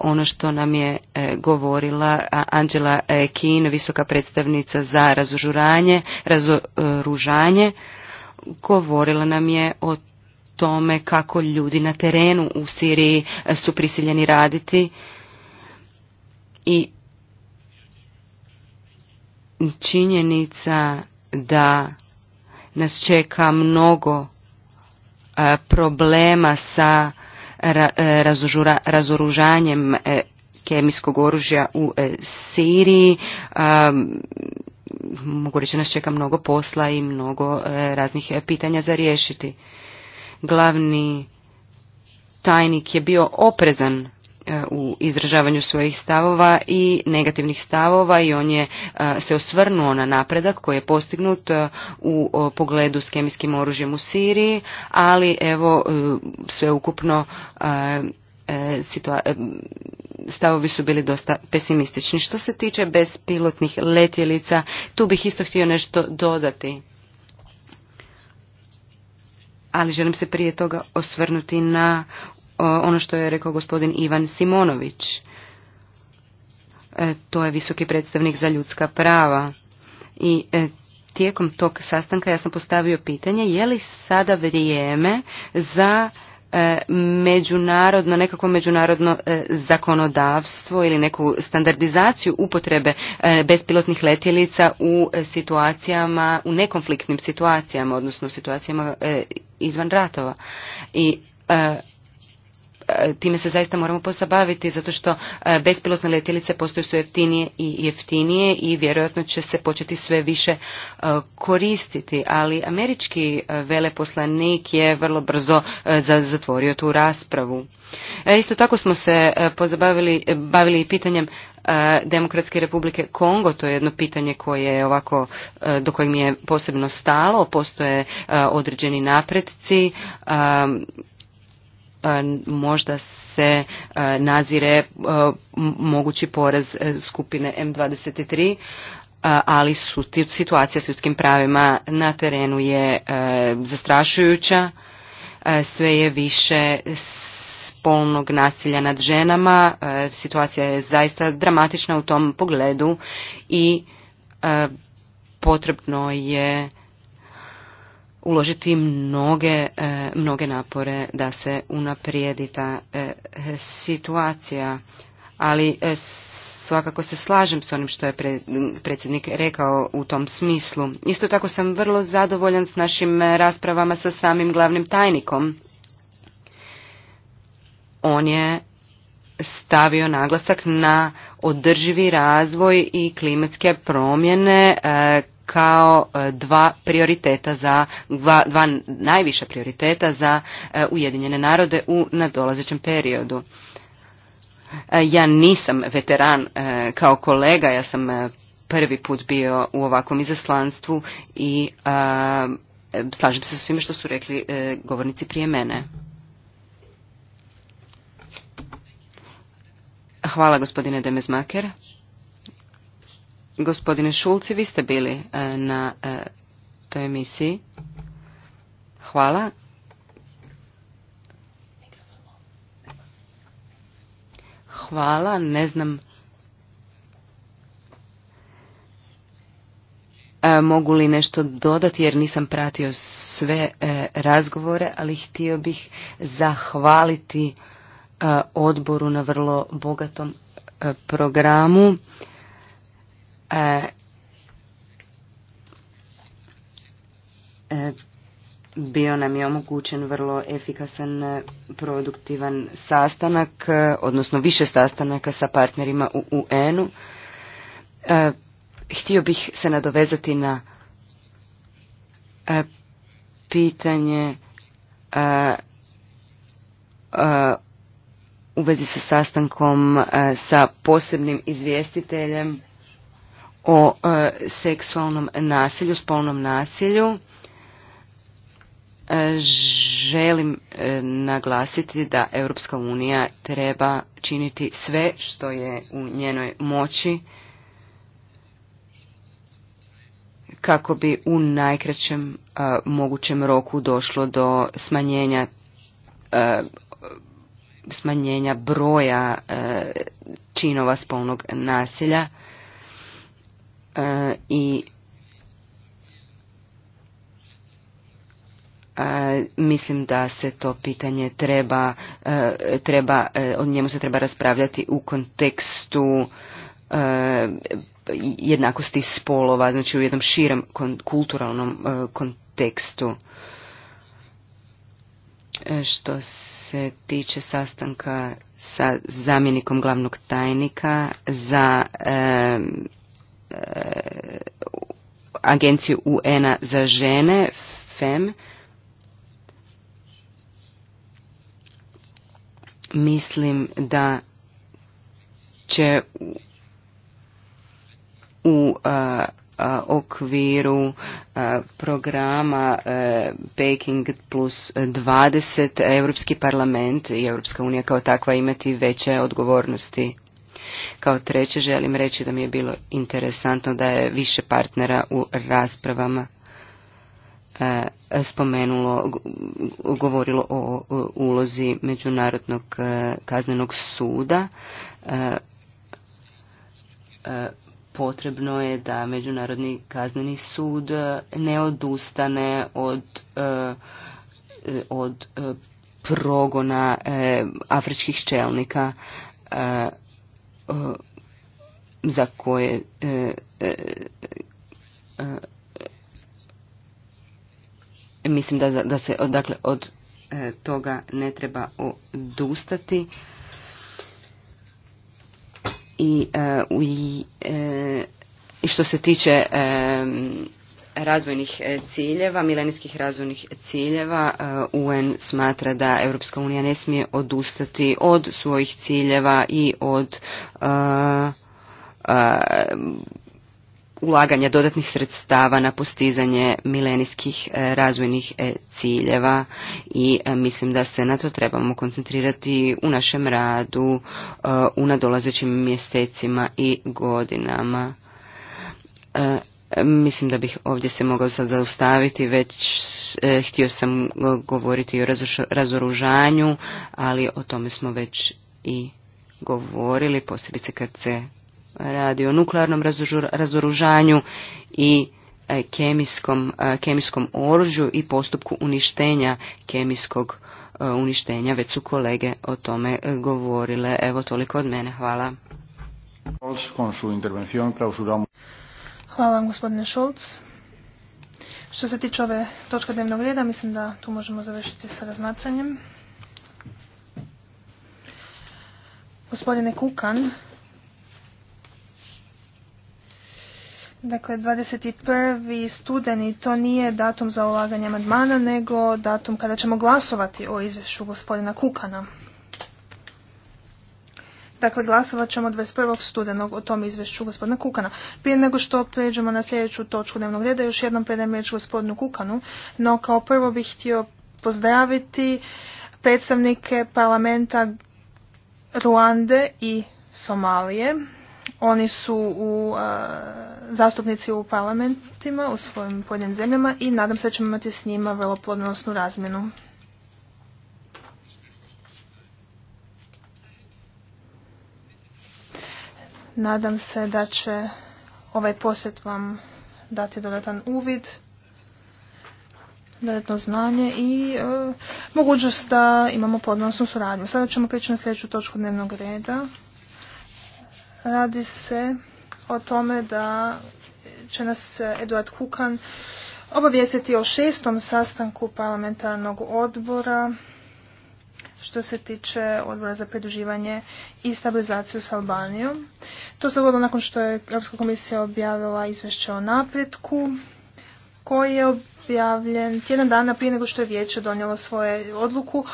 ono što nam je govorila Angela Keane, visoka predstavnica za razoružanje razoružanje, govorila nam je o tome kako ljudi na terenu u Siriji e, su prisiljeni raditi i činjenica da nas čeka mnogo e, problema sa e, razoružanjem kemijskog oružja u Siriji. Mogu reći nas čeka mnogo posla i mnogo raznih pitanja za riješiti. Glavni tajnik je bio oprezan e, u izražavanju svojih stavova i negativnih stavova i on je e, se osvrnuo na napredak koji je postignut e, u pogledu s kemijskim oružjem u Siriji, ali evo sveukupno stavovi su bili dosta pesimistični. Što se tiče bespilotnih letjelica, tu bih isto htio nešto dodati ali želim se prije toga osvrnuti na ono što je rekao gospodin Ivan Simonović. E, to je visoki predstavnik za ljudska prava. I e, tijekom tog sastanka ja sam postavio pitanje je li sada vrijeme za e, međunarodno, nekako međunarodno zakonodavstvo ili neku standardizaciju upotrebe bespilotnih letjelica u situacijama, u nekonfliktnim situacijama, odnosno situacijama izvan ratova. I e, E, time se zaista moramo posabaviti zato što e, bespilotne letjelice postaju su jeftinije i jeftinije i vjerojatno će se početi sve više e, koristiti. Ali američki veleposlanik je vrlo brzo zatvorio tu raspravu. Isto tako smo se pozabavili bavili i pitanjem Demokratske republike Kongo, to je jedno pitanje koje je ovako, do kojeg mi je posebno stalo, postoje određeni napretci, E, možda se e, nazire e, mogući poraz skupine M23, ali situacija s ljudskim pravima na terenu je zastrašujuća, sve je više spolnog nasilja nad ženama, situacija je zaista dramatična u tom pogledu i potrebno je uložiti mnoge, e, mnoge napore da se unaprijedi ta e, situacija, ali e, svakako se slažem s onim što je predsjednik rekao u tom smislu. Isto tako sam vrlo zadovoljan s našim raspravama sa samim glavnim tajnikom. On je stavio naglasak na održivi razvoj i klimatske promjene kao e, dva prioriteta za, dva, najviša prioriteta za e, Ujedinjene narode u nadolazećem periodu. E, ja nisam veteran kao kolega, ja sam prvi put bio u ovakvom izaslanstvu i slažem se sa svime što su rekli govornici prije mene. Hvala gospodine Demezmaker. Gospodine Šulci, vi ste bili e, na e, toj emisiji. Hvala. Hvala, ne znam e, mogu li nešto dodati jer nisam pratio sve razgovore, ali htio bih zahvaliti odboru na vrlo bogatom programu E, e, bio nam je omogućen vrlo efikasan e, produktivan sastanak, odnosno više sastanaka sa partnerima u UN-u. Htio bih se nadovezati na pitanje u vezi sa sastankom sa posebnim izvjestiteljem o e, seksualnom nasilju, spolnom nasilju, e, želim e, naglasiti da Europska unija treba činiti sve što je u njenoj moći kako bi u najkraćem mogućem roku došlo do smanjenja smanjenja broja činova spolnog nasilja E, i e, mislim da se to pitanje treba, e, treba, o njemu se treba raspravljati u kontekstu jednakosti spolova, znači u jednom širem kulturalnom kontekstu. Što se tiče sastanka sa zamjenikom glavnog tajnika za agenciju UN-a za žene, FEM, mislim da će u, okviru programa e, Peking plus 20 Europski parlament i Europska unija kao takva imati veće odgovornosti. Kao treće želim reći da mi je bilo interesantno da je više partnera u raspravama e, spomenulo, govorilo o ulozi Međunarodnog e, kaznenog suda. E, potrebno je da Međunarodni kazneni sud ne odustane od, od progona afričkih čelnika E, za koje e, e, mislim da, se dakle od toga ne treba odustati i što se tiče razvojnih e, ciljeva, milenijskih razvojnih ciljeva, e, UN smatra da Europska unija ne smije odustati od svojih ciljeva i od e, ulaganja dodatnih sredstava na postizanje milenijskih razvojnih ciljeva i mislim da se na to trebamo koncentrirati u našem radu u nadolazećim mjesecima i godinama Mislim da bih ovdje se mogao sad zaustaviti, već e, htio sam govoriti o razoružanju, ali o tome smo već i govorili, posebice kad se radi o nuklearnom razoružanju i e, kemijskom, e, kemijskom oružju i postupku uništenja kemijskog uništenja. Već su kolege o tome govorile. Evo toliko od mene. Hvala. Hvala vam gospodine Šolc. Što se tiče ove točke dnevnog reda, mislim da tu možemo završiti sa razmatranjem. Gospodine Kukan, Dakle, 21. studeni to nije datum za ulaganje amandmana, nego datum kada ćemo glasovati o izvješću gospodina Kukana. Dakle, glasovat ćemo 21. studenog o tom izvješću gospodina Kukana. Prije nego što pređemo na sljedeću točku dnevnog reda, još jednom predajem riječ gospodinu Kukanu, no kao prvo bih htio pozdraviti predstavnike parlamenta Ruande i Somalije. Oni su u, zastupnici u parlamentima u svojim pojedinim zemljama i nadam se da ćemo imati s njima vrlo plodnosnu razmjenu. Nadam se da će ovaj posjet vam dati dodatan uvid, dodatno znanje i e, mogućnost da imamo podnosnu suradnju. Sada ćemo prići na sljedeću točku dnevnog reda. Radi se o tome da će nas Eduard Kukan obavijestiti o šestom sastanku parlamentarnog odbora što se tiče odbora za pridruživanje i stabilizaciju s Albanijom. To se dogodilo nakon što je Europska komisija objavila izvješće o napretku koji je objavljen tjedan dana prije nego što je vijeće donijelo svoju odluku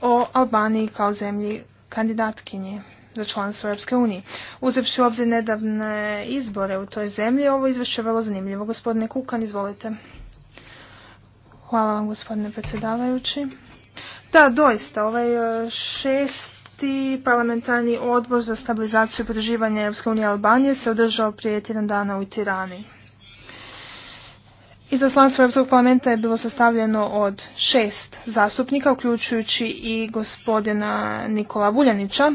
o Albaniji kao zemlji kandidatkinji za članstvo Europske unije. Uzevši u obzir nedavne izbore u toj zemlji, ovo izvješće je vrlo zanimljivo. Gospodine Kukan, izvolite. Hvala vam, gospodine predsjedavajući. Da, doista, ovaj e, šest parlamentarni odbor za stabilizaciju i podrživanje Europske unije Albanije se održao prije tjedan dana u Tirani. Izaslanstvo Europskog parlamenta je bilo sastavljeno od šest zastupnika, uključujući i gospodina Nikola Vuljanića,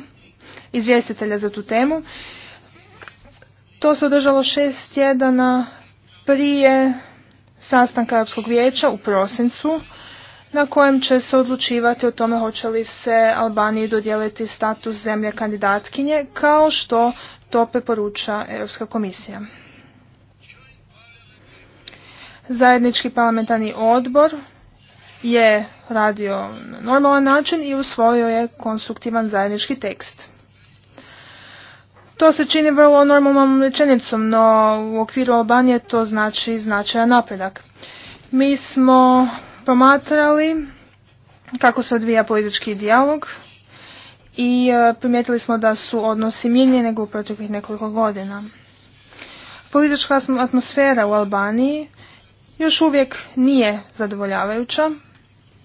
izvjestitelja za tu temu. To se održalo šest tjedana prije sastanka Europskog vijeća u prosincu, na kojem će se odlučivati o tome hoće li se Albaniji dodijeliti status zemlje kandidatkinje kao što to preporuča Europska komisija. Zajednički parlamentarni odbor je radio na normalan način i usvojio je konstruktivan zajednički tekst. To se čini vrlo normalnom rečenicom, no u okviru Albanije to znači značajan napredak. Mi smo promatrali kako se odvija politički dijalog i e, primijetili smo da su odnosi mijenje nego u proteklih nekoliko godina. Politička atmosfera u Albaniji još uvijek nije zadovoljavajuća,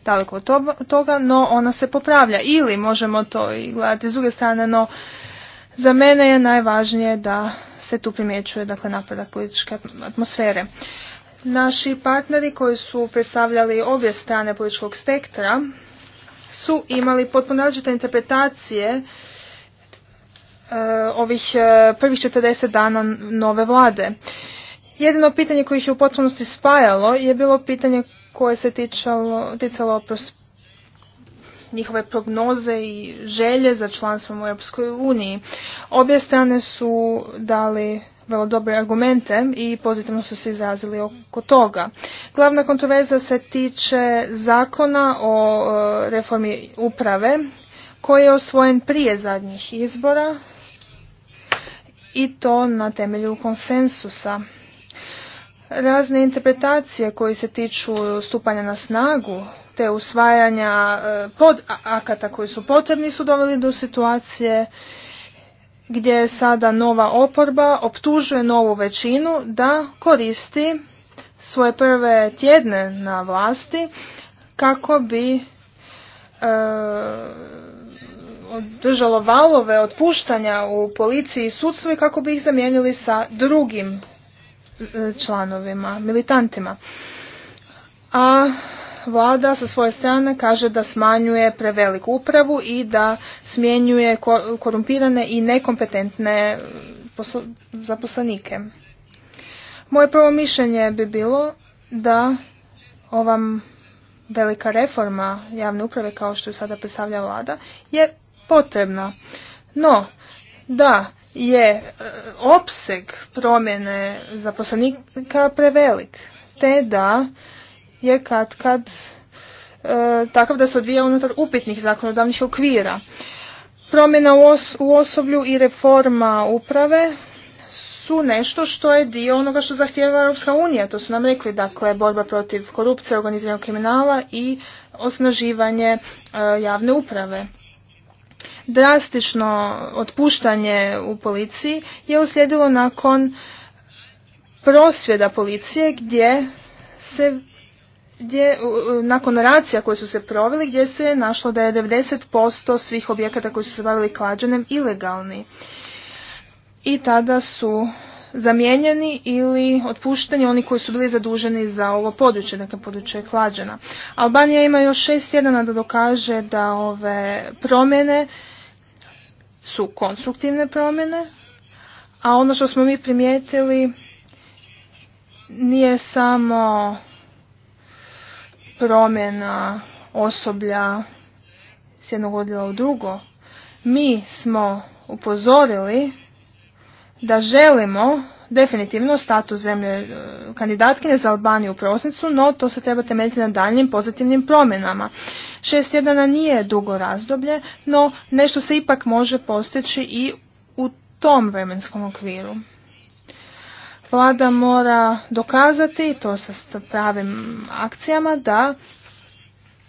daleko od toga, no ona se popravlja. Ili možemo to i gledati s druge strane, no za mene je najvažnije da se tu primjećuje dakle, napredak političke atmosfere. Naši partneri koji su predstavljali obje strane političkog spektra su imali potpuno različite interpretacije e, ovih e, prvih 40 dana nove vlade. Jedino pitanje koje ih je u potpunosti spajalo je bilo pitanje koje se tičalo, ticalo njihove prognoze i želje za članstvom u Europskoj uniji. Obje strane su dali vrlo dobre argumente i pozitivno su se izrazili oko toga. Glavna kontroverza se tiče zakona o e, reformi uprave koji je osvojen prije zadnjih izbora i to na temelju konsensusa. Razne interpretacije koje se tiču stupanja na snagu te usvajanja e, pod akata koji su potrebni su doveli do situacije gdje sada nova oporba optužuje novu većinu da koristi svoje prve tjedne na vlasti kako bi e, održalo valove otpuštanja u policiji i sudstvu i kako bi ih zamijenili sa drugim e, članovima, militantima. A vlada sa svoje strane kaže da smanjuje preveliku upravu i da smjenjuje korumpirane i nekompetentne mm, zaposlenike. Moje prvo mišljenje bi bilo da ova velika reforma javne uprave kao što ju sada predstavlja vlada je potrebna. No, da je e, opseg promjene zaposlenika prevelik, te da je kad kad e, takav da se odvija unutar upitnih zakonodavnih okvira. Promjena u, osoblju i reforma uprave su nešto što je dio onoga što zahtijeva Europska unija. To su nam rekli, dakle, borba protiv korupcije, organiziranog kriminala i osnaživanje e, javne uprave. Drastično otpuštanje u policiji je uslijedilo nakon prosvjeda policije gdje se gdje, nakon racija koje su se proveli gdje se našlo da je 90% svih objekata koji su se bavili klađenjem ilegalni. I tada su zamijenjeni ili otpušteni oni koji su bili zaduženi za ovo područje, dakle područje klađena. Albanija ima još šest tjedana da dokaže da ove promjene su konstruktivne promjene, a ono što smo mi primijetili nije samo promjena osoblja s jednog u drugo. Mi smo upozorili da želimo definitivno status zemlje e, kandidatkinje za Albaniju u prosincu, no to se treba temeljiti na daljnjim pozitivnim promjenama. Šest tjedana nije dugo razdoblje, no nešto se ipak može postići i u tom vremenskom okviru vlada mora dokazati, to sa pravim akcijama, da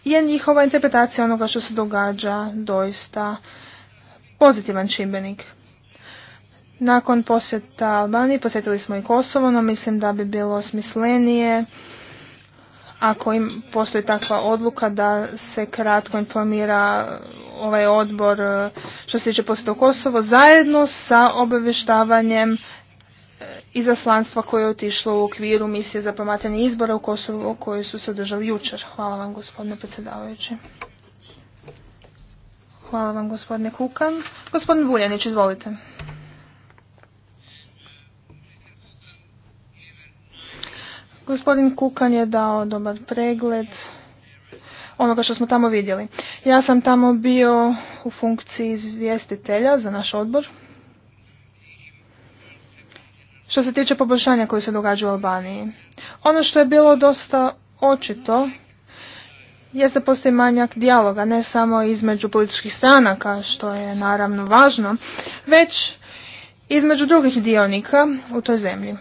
je njihova interpretacija onoga što se događa doista pozitivan čimbenik. Nakon posjeta Albanije posjetili smo i Kosovo, no mislim da bi bilo smislenije ako im postoji takva odluka da se kratko informira ovaj odbor eh, što se tiče posjeta u Kosovo zajedno sa obavještavanjem izaslanstva koje je otišlo u okviru misije za promatranje izbora u Kosovu koje su se održali jučer. Hvala vam gospodine predsjedavajući. Hvala vam gospodine Kukan. Gospodin Buljanić, izvolite. Gospodin Kukan je dao dobar pregled onoga što smo tamo vidjeli. Ja sam tamo bio u funkciji izvjestitelja za naš odbor što se tiče poboljšanja koje se događa u Albaniji. Ono što je bilo dosta očito je da postoji manjak dijaloga, ne samo između političkih stranaka, što je naravno važno, već između drugih dionika u toj zemlji.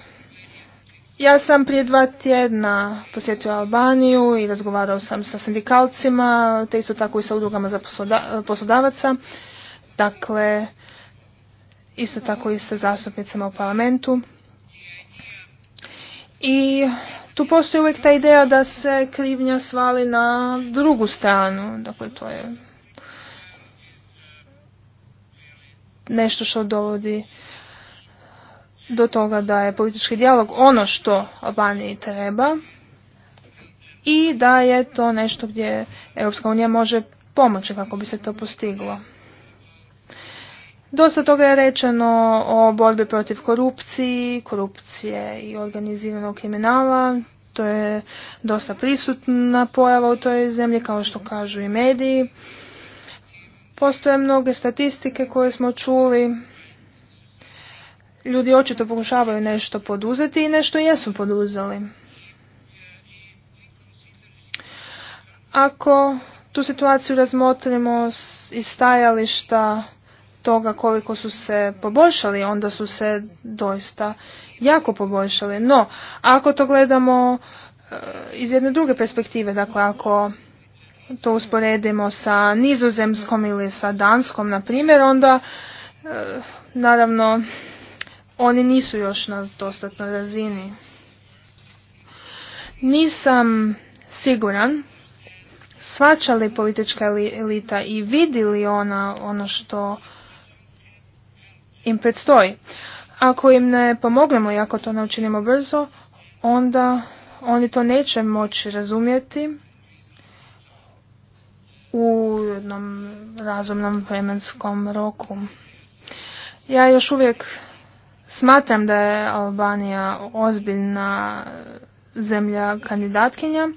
Ja sam prije dva tjedna posjetio Albaniju i razgovarao sam sa sindikalcima, te isto tako i sa udrugama za poslodavaca, dakle isto tako i sa zastupnicama u parlamentu. I tu postoji uvijek ta ideja da se krivnja svali na drugu stranu. Dakle, to je nešto što dovodi do toga da je politički dijalog ono što Albaniji treba i da je to nešto gdje Europska unija može pomoći kako bi se to postiglo. Dosta toga je rečeno o borbi protiv korupciji, korupcije i organiziranog kriminala. To je dosta prisutna pojava u toj zemlji, kao što kažu i mediji. Postoje mnoge statistike koje smo čuli. Ljudi očito pokušavaju nešto poduzeti i nešto jesu poduzeli. Ako tu situaciju razmotrimo iz stajališta toga koliko su se poboljšali, onda su se doista jako poboljšali. No, ako to gledamo e, iz jedne druge perspektive, dakle ako to usporedimo sa nizozemskom ili sa danskom, na primjer, onda e, naravno oni nisu još na dostatnoj razini. Nisam siguran svačali politička elita i vidili ona ono što im predstoji. Ako im ne pomognemo i ako to ne učinimo brzo, onda oni to neće moći razumjeti u jednom razumnom vremenskom roku. Ja još uvijek smatram da je Albanija ozbiljna zemlja kandidatkinja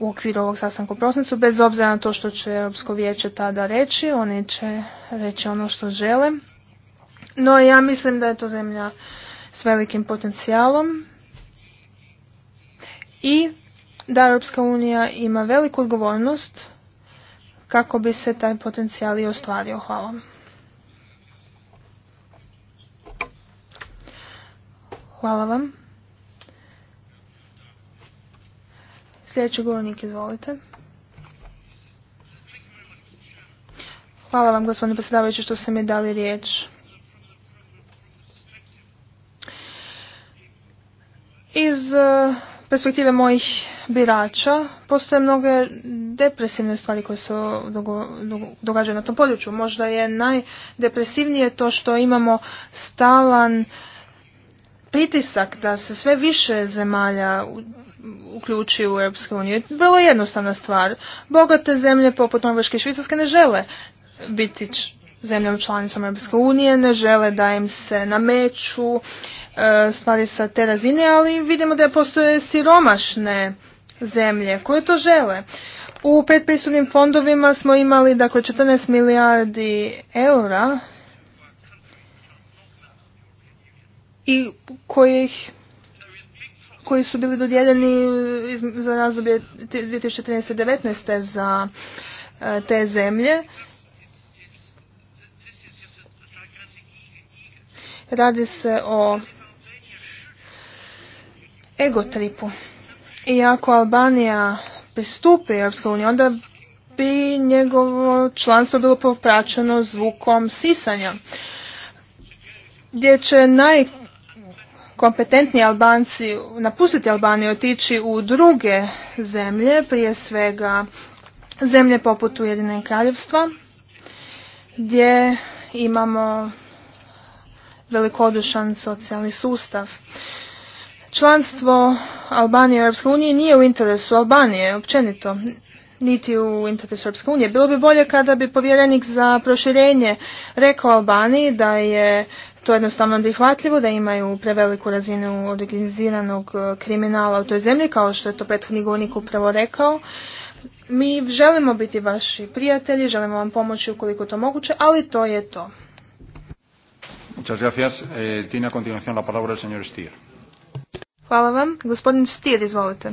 u okviru ovog sastanka u bez obzira na to što će Europsko vijeće tada reći, oni će reći ono što žele. No ja mislim da je to zemlja s velikim potencijalom i da Europska unija ima veliku odgovornost kako bi se taj potencijal i ostvario. Hvala. Hvala vam. Sljedeći govornik, izvolite. Hvala vam, gospodine predsjedavajući, što ste mi dali riječ. Iz e, perspektive mojih birača postoje mnoge depresivne stvari koje se događaju na tom području. Možda je najdepresivnije to što imamo stalan pritisak da se sve više zemalja uključi u Europsku uniju. Vrlo jednostavna stvar. Bogate zemlje poput Norveške i Švicarske ne žele biti zemljom članicom Europske unije, ne žele da im se nameću E, stvari sa te razine, ali vidimo da postoje siromašne zemlje koje to žele. U predpristupnim fondovima smo imali dakle 14 milijardi eura i kojih koji su bili dodijeljeni za razdoblje 2013-2019 za e, te zemlje. Radi se o egotripu. I ako Albanija pristupi Europskoj uniji, onda bi njegovo članstvo bilo popraćeno zvukom sisanja, gdje će najkompetentniji Albanci napustiti Albaniju i otići u druge zemlje, prije svega zemlje poput Ujedine kraljevstva, gdje imamo velikodušan socijalni sustav. Članstvo Albanije u Europskoj uniji nije u interesu Albanije općenito, niti u interesu Europske unije. Bilo bi bolje kada bi povjerenik za proširenje rekao Albaniji da je to jednostavno prihvatljivo, da imaju preveliku razinu organiziranog e, kriminala u toj zemlji, kao što je to prethodni govornik upravo rekao. Mi želimo biti vaši prijatelji, želimo vam pomoći ukoliko to moguće, ali to je to. gracias. Hvala vam. Gospodin Stier, izvolite.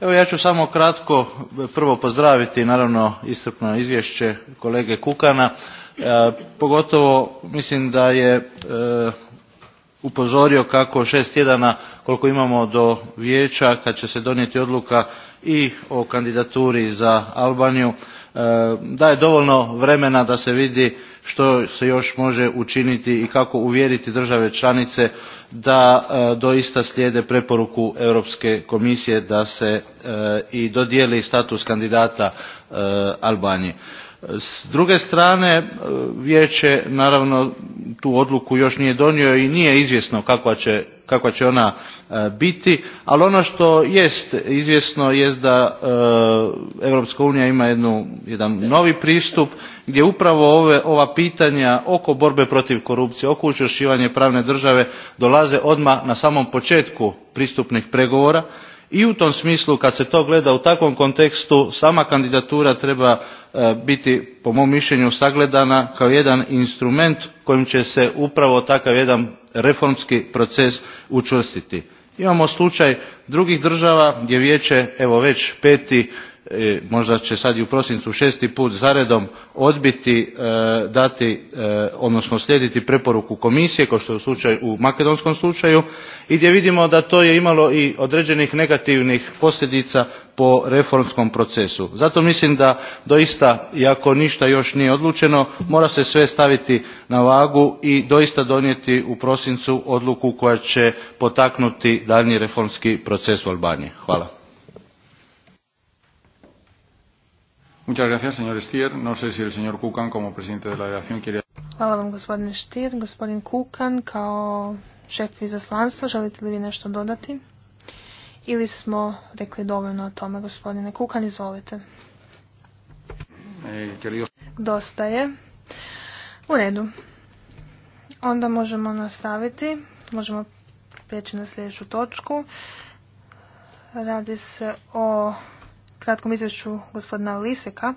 Evo ja ću samo kratko prvo pozdraviti naravno istrpno izvješće kolege Kukana. E, pogotovo mislim da je e, upozorio kako šest tjedana koliko imamo do vijeća kad će se donijeti odluka i o kandidaturi za Albaniju e, daje dovoljno vremena da se vidi što se još može učiniti i kako uvjeriti države članice da e, doista slijede preporuku europske komisije da se e, i dodijeli status kandidata e, albaniji. S druge strane, e, vijeće naravno tu odluku još nije donio i nije izvjesno kakva će, kakva ona e, biti, ali ono što jest izvjesno jest da Europska unija ima jednu, jedan novi pristup gdje upravo ove, ova pitanja oko borbe protiv korupcije, oko učvršćivanja pravne države dolaze odmah na samom početku pristupnih pregovora i u tom smislu kad se to gleda u takvom kontekstu sama kandidatura treba e, biti po mom mišljenju sagledana kao jedan instrument kojim će se upravo takav jedan reformski proces učvrstiti. imamo slučaj drugih država gdje vijeće evo već peti E, možda će sad i u prosincu šesti put zaredom odbiti e, dati e, odnosno slijediti preporuku komisije kao što je u, u makedonskom slučaju i gdje vidimo da to je imalo i određenih negativnih posljedica po reformskom procesu. zato mislim da doista iako ništa još nije odlučeno mora se sve staviti na vagu i doista donijeti u prosincu odluku koja će potaknuti daljnji reformski proces u albaniji. hvala. Kukan, Hvala vam, gospodine Stier. Gospodin Kukan, kao šef izaslanstva, želite li vi nešto dodati? Ili smo rekli dovoljno o tome, gospodine Kukan, izvolite. Eh, Dosta je. U redu. Onda možemo nastaviti. Možemo prijeći na sljedeću točku. Radi se o kratkom izvješću gospodina Liseka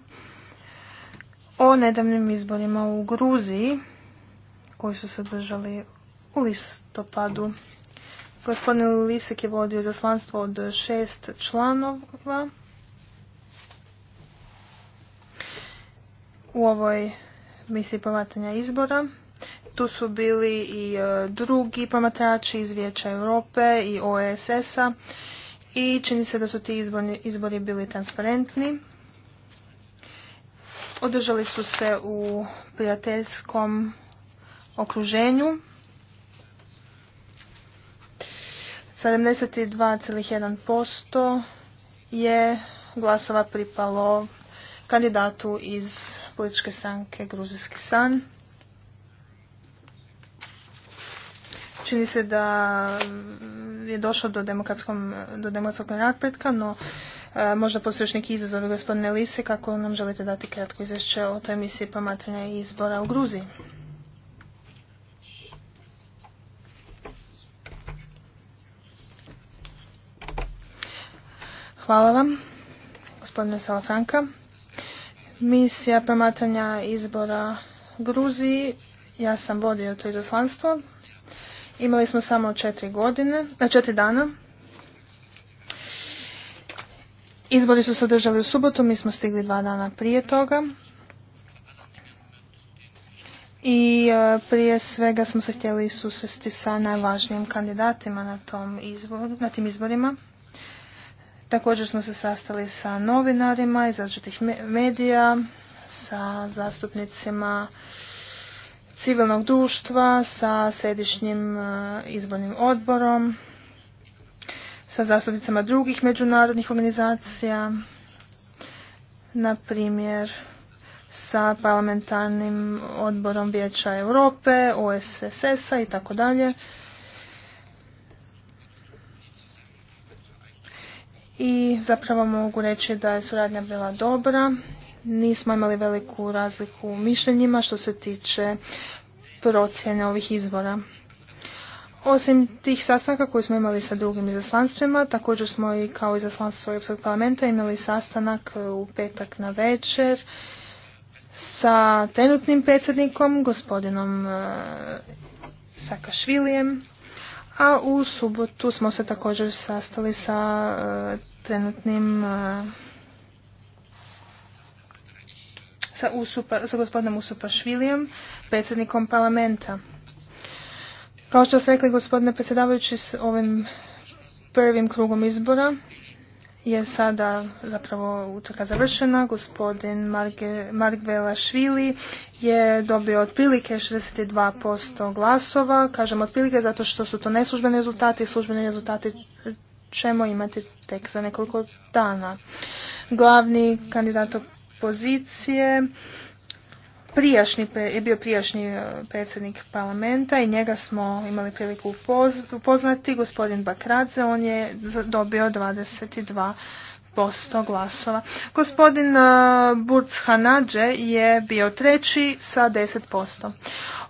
o nedavnim izborima u Gruziji koji su se održali u listopadu. Gospodin Lisek je vodio zaslanstvo od šest članova u ovoj misiji promatranja izbora. Tu su bili i e, drugi promatrači iz Vijeća Europe i OSS-a i čini se da su ti izbori bili transparentni. Održali su se u prijateljskom okruženju. 72,1% je glasova pripalo kandidatu iz političke stranke Gruzijski san. Čini se da je došlo do, do demokratskog napretka, no e, možda postoji još neki izazov gospodine Lise kako nam želite dati kratko izvješće o toj misiji promatranja izbora u Gruziji. Hvala vam, gospodine Salafranka. Misija promatranja izbora Gruziji, ja sam vodio to izaslanstvo Imali smo samo četiri godine, e, četiri dana. Izbori su se održali u subotu, mi smo stigli dva dana prije toga. I e, prije svega smo se htjeli susresti sa najvažnijim kandidatima na, tom izbor, na tim izborima. Također smo se sastali sa novinarima iz različitih medija, sa zastupnicima civilnog društva, sa središnjim e, izbornim odborom, sa zastupnicama drugih međunarodnih organizacija, na primjer sa parlamentarnim odborom Vijeća Europe, OSSS-a i tako dalje. I zapravo mogu reći da je suradnja bila dobra nismo imali veliku razliku u mišljenjima što se tiče procjene ovih izvora. Osim tih sastanaka koje smo imali sa drugim izaslanstvima, također smo i kao izaslanstvo Europskog parlamenta imali sastanak u petak na večer sa trenutnim predsjednikom, gospodinom e, Sakašvilijem, a u subotu smo se također sastali sa e, trenutnim e, sa, Usupa, sa predsjednikom parlamenta. Kao što ste rekli gospodine predsjedavajući s ovim prvim krugom izbora je sada zapravo utrka završena. Gospodin Mark Švili je dobio otprilike 62% glasova. Kažem otprilike zato što su to neslužbeni rezultati. Službeni rezultati ćemo imati tek za nekoliko dana. Glavni kandidat pozicije. Prijašnji, je bio prijašnji e, predsjednik parlamenta i njega smo imali priliku upoznati, gospodin Bakradze, on je dobio 22 posto glasova. Gospodin e, Burc je bio treći sa 10%.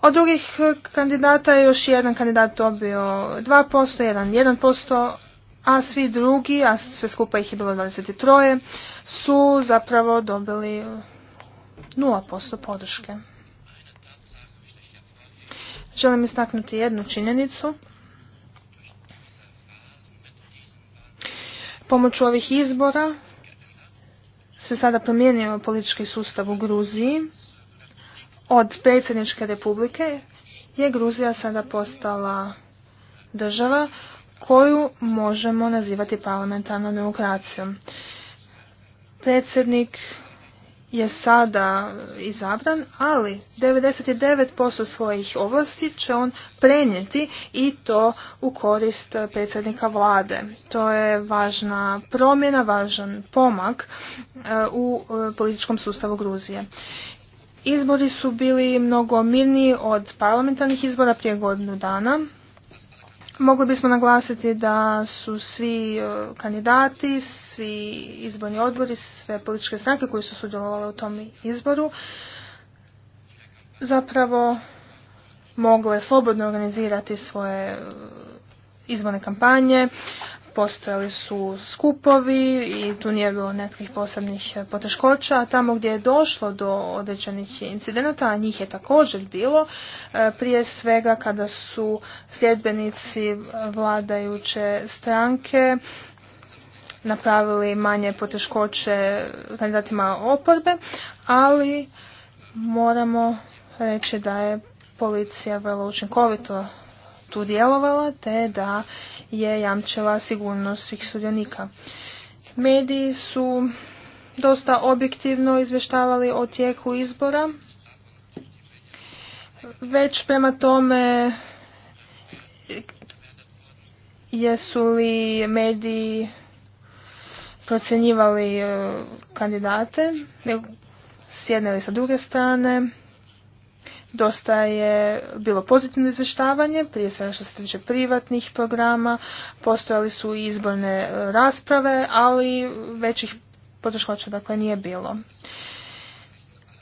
Od drugih kandidata je još jedan kandidat dobio 2%, jedan 1%, a svi drugi, a sve skupa ih je bilo 23, su zapravo dobili 0% podrške. Želim istaknuti jednu činjenicu. Pomoću ovih izbora se sada promijenio politički sustav u Gruziji. Od predsjedničke republike je Gruzija sada postala država koju možemo nazivati parlamentarnom demokracijom. Predsjednik je sada izabran, ali 99% svojih ovlasti će on prenijeti i to u korist predsjednika vlade. To je važna promjena, važan pomak e, u e, političkom sustavu Gruzije. Izbori su bili mnogo mirniji od parlamentarnih izbora prije godinu dana. Mogli bismo naglasiti da su svi e, kandidati, svi izborni odbori, sve političke stranke koji su sudjelovali u tom izboru zapravo mogle slobodno organizirati svoje e, izborne kampanje, postojali su skupovi i tu nije bilo nekih posebnih e, poteškoća, tamo gdje je došlo do određenih incidenata, a njih je također bilo, e, prije svega kada su sljedbenici vladajuće stranke napravili manje poteškoće kandidatima oporbe, ali moramo reći da je policija vrlo učinkovito tu djelovala te da je jamčila sigurnost svih sudionika. Mediji su dosta objektivno izvještavali o tijeku izbora. Već prema tome jesu li mediji procjenjivali e, kandidate, e, sjedne li sa druge strane, Dosta je bilo pozitivno izvještavanje, prije svega što se tiče privatnih programa, postojali su i izborne e, rasprave, ali većih poteškoća dakle nije bilo.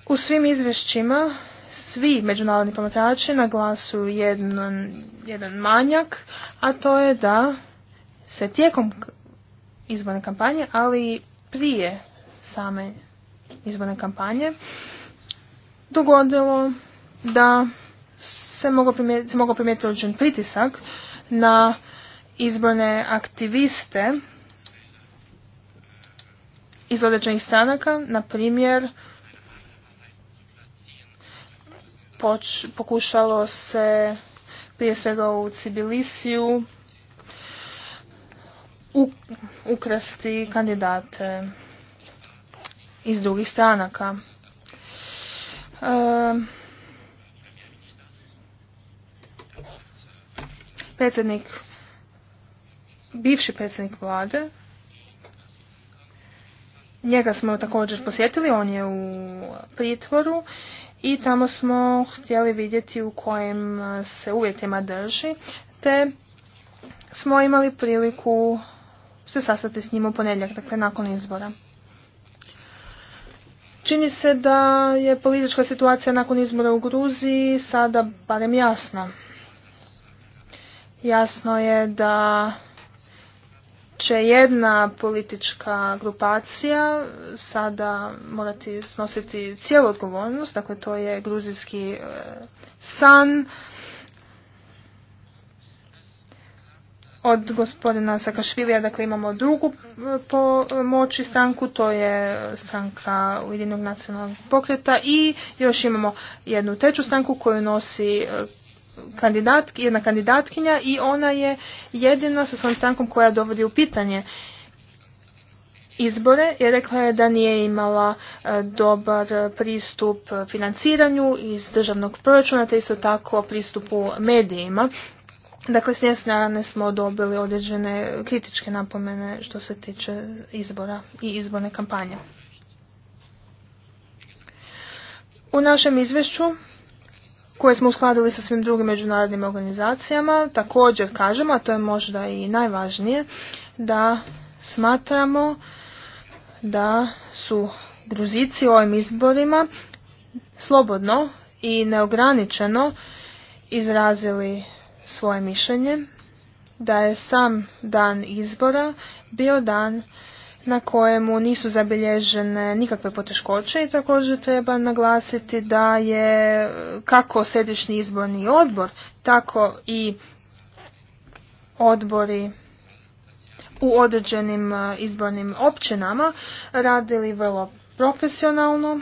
U svim izvješćima svi međunarodni promatrači naglasuju jedan, jedan manjak, a to je da se tijekom izborne kampanje, ali prije same izborne kampanje dogodilo da se mogao primijetiti, određen pritisak na izborne aktiviste iz određenih stranaka, na primjer poč, pokušalo se prije svega u Cibilisiju ukrasti kandidate iz drugih stranaka. E, predsjednik, bivši predsjednik vlade, njega smo također posjetili, on je u pritvoru i tamo smo htjeli vidjeti u kojim se uvjetima drži, te smo imali priliku se sastati s njim u ponedjeljak, dakle nakon izbora. Čini se da je politička situacija nakon izbora u Gruziji sada barem jasna. Jasno je da će jedna politička grupacija sada morati snositi cijelu odgovornost, dakle to je gruzijski e, san od gospodina Sakašvilija, dakle imamo drugu e, po e, moći stranku, to je stranka Ujedinog nacionalnog pokreta i još imamo jednu treću stranku koju nosi kandidat, jedna kandidatkinja i ona je jedina sa svojim strankom koja dovodi u pitanje izbore i rekla je da nije imala e, dobar pristup financiranju iz državnog proračuna te isto tako pristupu medijima. Dakle, s nje strane smo dobili određene kritičke napomene što se tiče izbora i izborne kampanje. U našem izvješću koje smo uskladili sa svim drugim međunarodnim organizacijama. Također kažemo, a to je možda i najvažnije, da smatramo da su Gruzici u ovim izborima slobodno i neograničeno izrazili svoje mišljenje da je sam dan izbora bio dan na kojemu nisu zabilježene nikakve poteškoće i također treba naglasiti da je kako središnji izborni odbor, tako i odbori u određenim e, izbornim općinama radili vrlo profesionalno,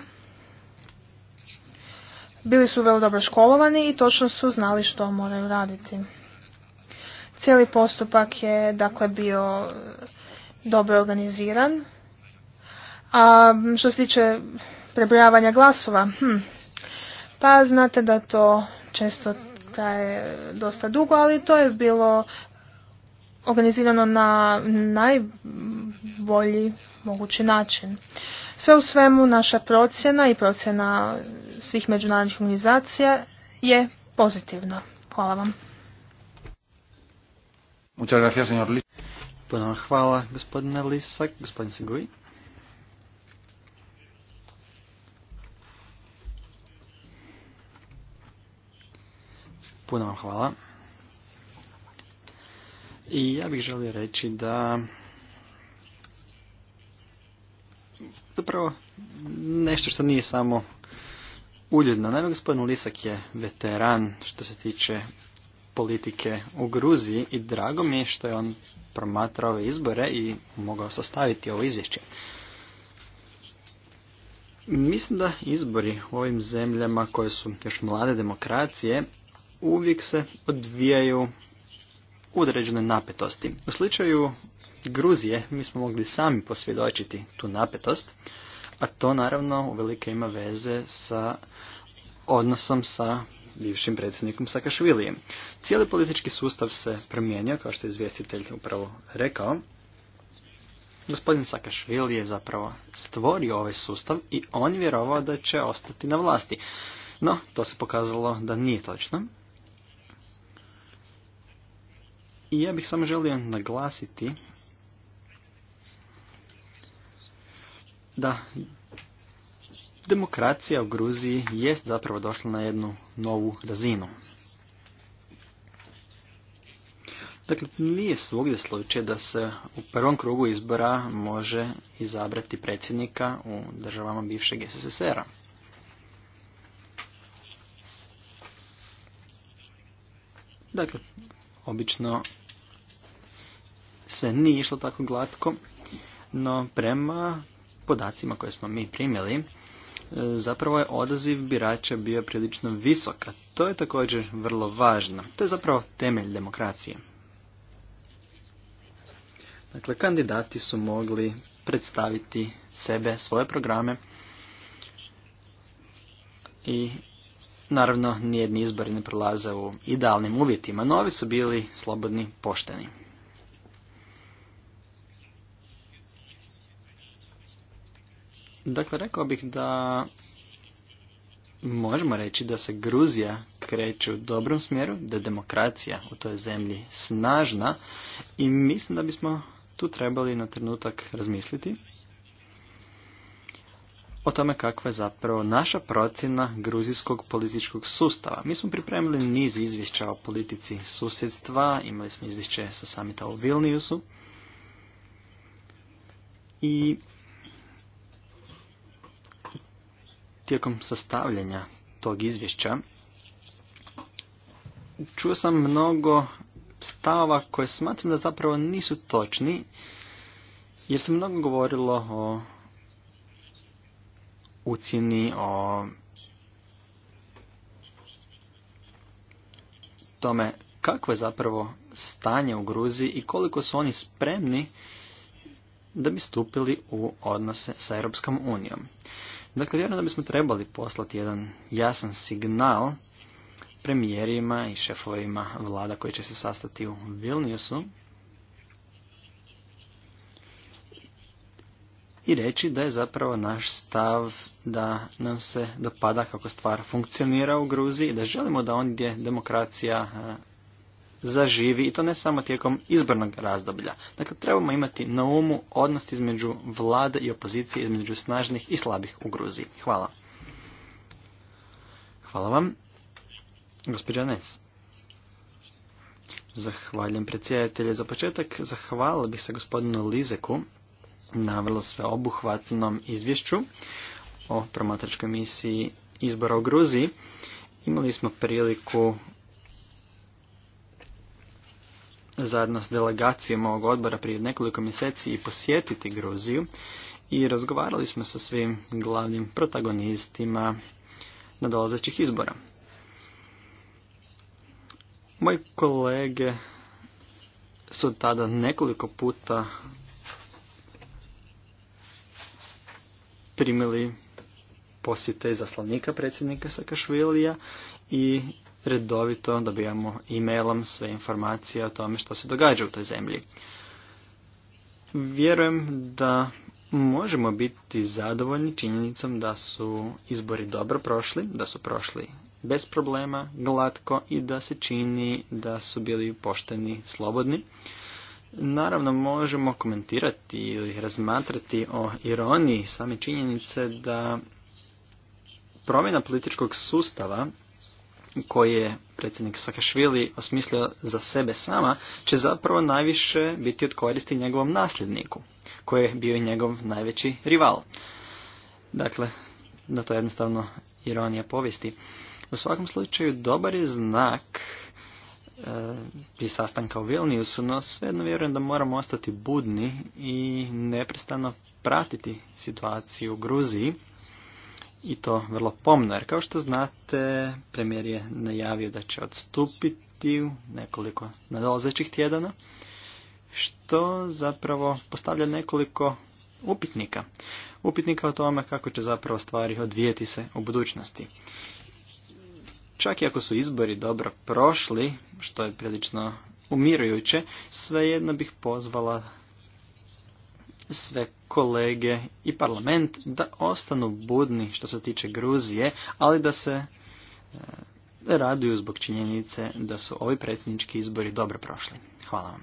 bili su vrlo dobro školovani i točno su znali što moraju raditi. Cijeli postupak je dakle bio dobro organiziran. A što se tiče prebrojavanja glasova, hm, pa znate da to često traje dosta dugo, ali to je bilo organizirano na najbolji mogući način. Sve u svemu naša procjena i procjena svih međunarodnih organizacija je pozitivna. Hvala vam. Puno hvala, gospodine Lisak, gospodin Sigui. Puno vam hvala. I ja bih želio reći da zapravo nešto što nije samo uljudno. Naime, gospodin Lisak je veteran što se tiče politike u Gruziji i drago mi je što je on promatrao ove izbore i mogao sastaviti ovo izvješće. Mislim da izbori u ovim zemljama koje su još mlade demokracije uvijek se odvijaju u određenoj napetosti. U slučaju Gruzije mi smo mogli sami posvjedočiti tu napetost, a to naravno uvelike ima veze sa odnosom sa bivšim predsjednikom Sakašvilijem. Cijeli politički sustav se promijenio, kao što je izvjestitelj upravo rekao. Gospodin Sakašvili je zapravo stvorio ovaj sustav i on vjerovao da će ostati na vlasti. No, to se pokazalo da nije točno. I ja bih samo želio naglasiti da demokracija u Gruziji jest zapravo došla na jednu novu razinu. Dakle, nije svugdje slučaj da se u prvom krugu izbora može izabrati predsjednika u državama bivšeg SSSR-a. Dakle, obično sve nije išlo tako glatko, no prema podacima koje smo mi primjeli, E, zapravo je odaziv birača bio prilično visok, to je također vrlo važno. To je zapravo temelj demokracije. Dakle, kandidati su mogli predstaviti sebe, svoje programe i naravno nijedni izbori ne prolaze u idealnim uvjetima, Novi su bili slobodni, pošteni. Dakle, rekao bih da možemo reći da se Gruzija kreće u dobrom smjeru, da je demokracija u toj zemlji snažna i mislim da bismo tu trebali na trenutak razmisliti o tome kakva je zapravo naša procjena gruzijskog političkog sustava. Mi smo pripremili niz izvješća o politici susjedstva, imali smo izvješće sa samita u Vilniusu i tijekom sastavljanja tog izvješća čuo sam mnogo stava koje smatram da zapravo nisu točni jer se mnogo govorilo o ucjeni, o tome kakvo je zapravo stanje u Gruziji i koliko su oni spremni da bi stupili u odnose sa Europskom unijom. Dakle, vjerujem da bismo trebali poslati jedan jasan signal premijerima i šefovima vlada koji će se sastati u Vilniusu i reći da je zapravo naš stav da nam se dopada kako stvar funkcionira u Gruziji, i da želimo da ondje demokracija zaživi i to ne samo tijekom izbornog razdoblja. Dakle, trebamo imati na umu odnos između vlade i opozicije, između snažnih i slabih u Gruziji. Hvala. Hvala vam. Gospođa Nes. Zahvaljujem predsjedatelje. Za početak zahvalila bih se gospodinu Lizeku na vrlo sveobuhvatnom izvješću o promatračkoj misiji izbora u Gruziji. Imali smo priliku zajedno s delegacijom ovog odbora prije nekoliko mjeseci i posjetiti Gruziju i razgovarali smo sa svim glavnim protagonistima nadolazećih izbora. Moji kolege su tada nekoliko puta primili posjete izaslanika predsjednika Sakašvilija i redovito dobijamo e-mailom sve informacije o tome što se događa u toj zemlji. Vjerujem da možemo biti zadovoljni činjenicom da su izbori dobro prošli, da su prošli bez problema, glatko i da se čini da su bili pošteni, slobodni. Naravno, možemo komentirati ili razmatrati o ironiji same činjenice da promjena političkog sustava koji je predsjednik Sakašvili osmislio za sebe sama, će zapravo najviše biti od koristi njegovom nasljedniku, koji je bio i njegov najveći rival. Dakle, da to je jednostavno ironija povijesti. U svakom slučaju, dobar je znak e, i sastanka u Vilniusu, no svejedno vjerujem da moramo ostati budni i neprestano pratiti situaciju u Gruziji, i to vrlo pomno, jer kao što znate, premijer je najavio da će odstupiti u nekoliko nadolazećih tjedana, što zapravo postavlja nekoliko upitnika. Upitnika o tome kako će zapravo stvari odvijeti se u budućnosti. Čak i ako su izbori dobro prošli, što je prilično umirujuće, svejedno bih pozvala sve kolege i parlament da ostanu budni što se tiče Gruzije, ali da se e, raduju zbog činjenice da su ovi predsjednički izbori dobro prošli. Hvala vam.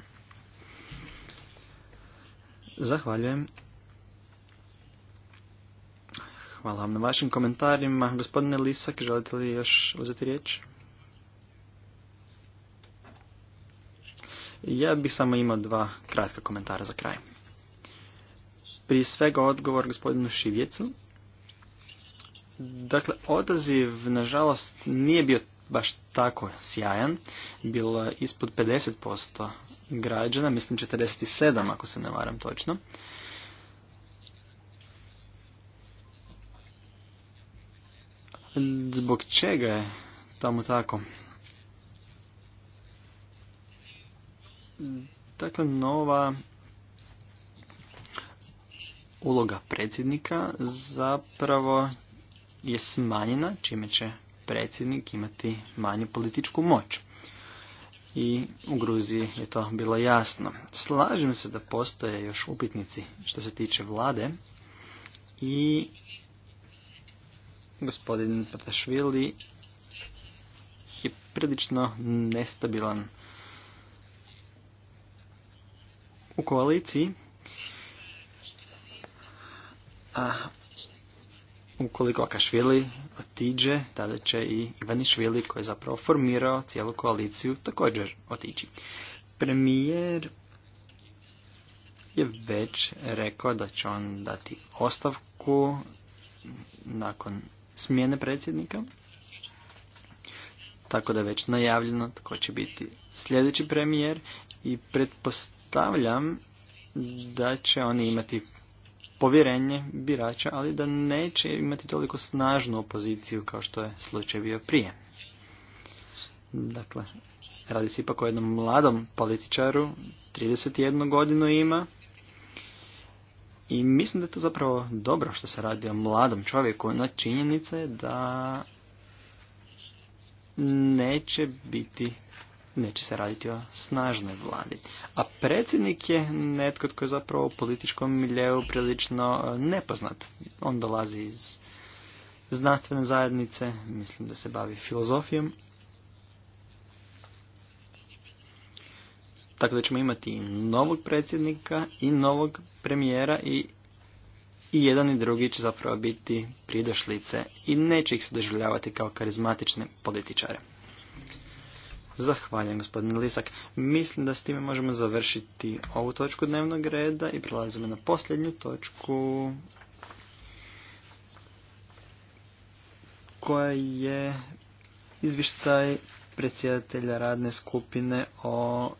Zahvaljujem. Hvala vam na vašim komentarima. Gospodine Lisak, želite li još uzeti riječ? Ja bih samo imao dva kratka komentara za kraj. Prije svega odgovor gospodinu Šivjecu. Dakle, odaziv, nažalost, nije bio baš tako sjajan. Bilo je ispod 50% građana, mislim 47 ako se ne varam točno. Zbog čega je tamo tako? Dakle, nova uloga predsjednika zapravo je smanjena, čime će predsjednik imati manju političku moć. I u Gruziji je to bilo jasno. Slažem se da postoje još upitnici što se tiče vlade i gospodin Patašvili je prilično nestabilan u koaliciji a ukoliko Akašvili otiđe, tada će i Ivanišvili koji je zapravo formirao cijelu koaliciju također otići. Premijer je već rekao da će on dati ostavku nakon smjene predsjednika. Tako da je već najavljeno tko će biti sljedeći premijer i pretpostavljam da će oni imati povjerenje birača, ali da neće imati toliko snažnu opoziciju kao što je slučaj bio prije. Dakle, radi se ipak o jednom mladom političaru, 31 godinu ima, i mislim da je to zapravo dobro što se radi o mladom čovjeku, no činjenica je da neće biti neće se raditi o snažnoj vladi. A predsjednik je netko tko je zapravo u političkom miljeu prilično e, nepoznat. On dolazi iz znanstvene zajednice, mislim da se bavi filozofijom. Tako da ćemo imati i novog predsjednika i novog premijera i, i jedan i drugi će zapravo biti pridošlice i neće ih se doživljavati kao karizmatične političare. Zahvaljujem gospodin Lisak. Mislim da s time možemo završiti ovu točku dnevnog reda i prelazimo na posljednju točku koja je izvištaj predsjedatelja radne skupine o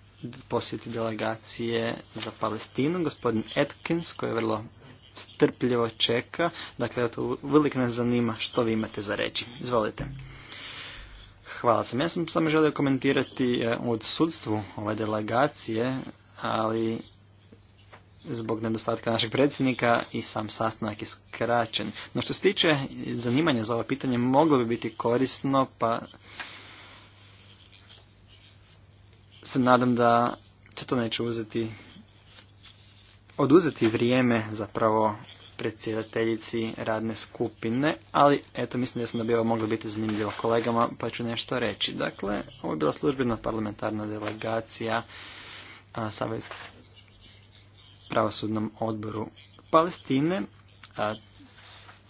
posjeti delegacije za Palestinu, gospodin Atkins, koji je vrlo strpljivo čeka. Dakle, to uvijek nas zanima što vi imate za reći. Izvolite. Hvala sam. Ja sam samo želio komentirati e, od sudstvu ove delegacije, ali zbog nedostatka našeg predsjednika i sam sastanak je skraćen. No što se tiče zanimanja za ovo pitanje, moglo bi biti korisno, pa se nadam da će to neće uzeti oduzeti vrijeme zapravo predsjedateljici radne skupine, ali eto mislim da sam da bi ovo moglo biti zanimljivo kolegama pa ću nešto reći. Dakle, ovo je bila službena parlamentarna delegacija a, savjet pravosudnom odboru Palestine. A,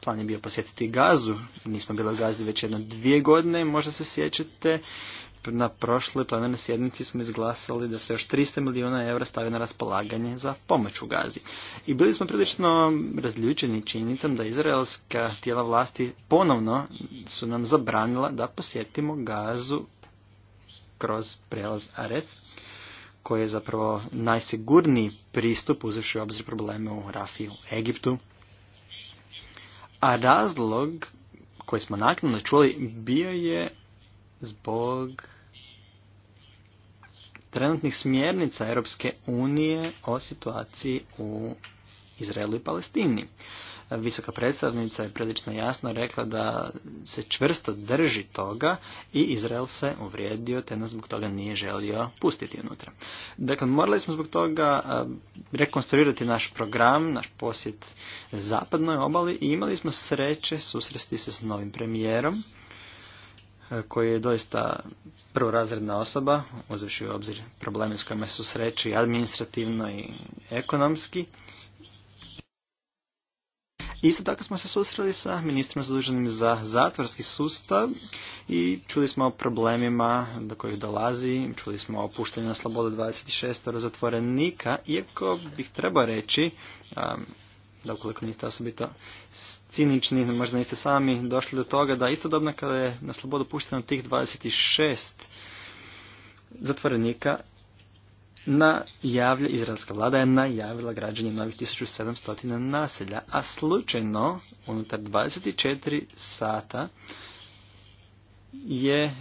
plan je bio posjetiti Gazu, nismo bili u Gazi već jedno dvije godine, možda se sjećate na prošloj plenarnoj sjednici smo izglasali da se još 300 milijuna eura stavi na raspolaganje za pomoć u Gazi. I bili smo prilično razljučeni činjenicom da izraelska tijela vlasti ponovno su nam zabranila da posjetimo Gazu kroz prelaz Aref koji je zapravo najsigurniji pristup uzevši u obzir probleme u Rafiju, Egiptu. A razlog koji smo naknadno čuli bio je zbog trenutnih smjernica Europske unije o situaciji u Izraelu i Palestini. Visoka predstavnica je prilično jasno rekla da se čvrsto drži toga i Izrael se uvrijedio te nas zbog toga nije želio pustiti unutra. Dakle, morali smo zbog toga rekonstruirati naš program, naš posjet zapadnoj obali i imali smo sreće susresti se s novim premijerom E, koji je doista prvorazredna osoba, uzevši u obzir probleme s kojima se sreći administrativno i ekonomski. Isto tako smo se susreli sa ministrom zaduženim za zatvorski sustav i čuli smo o problemima do kojih dolazi, čuli smo o puštenju na slobodu 26 zatvorenika, iako bih trebao reći, da ukoliko niste osobito cinični, možda niste sami došli do toga da istodobno kada je na slobodu pušteno tih 26 zatvorenika najavlja, izraelska vlada je najavila građanje novih 1700 naselja, a slučajno unutar 24 sata je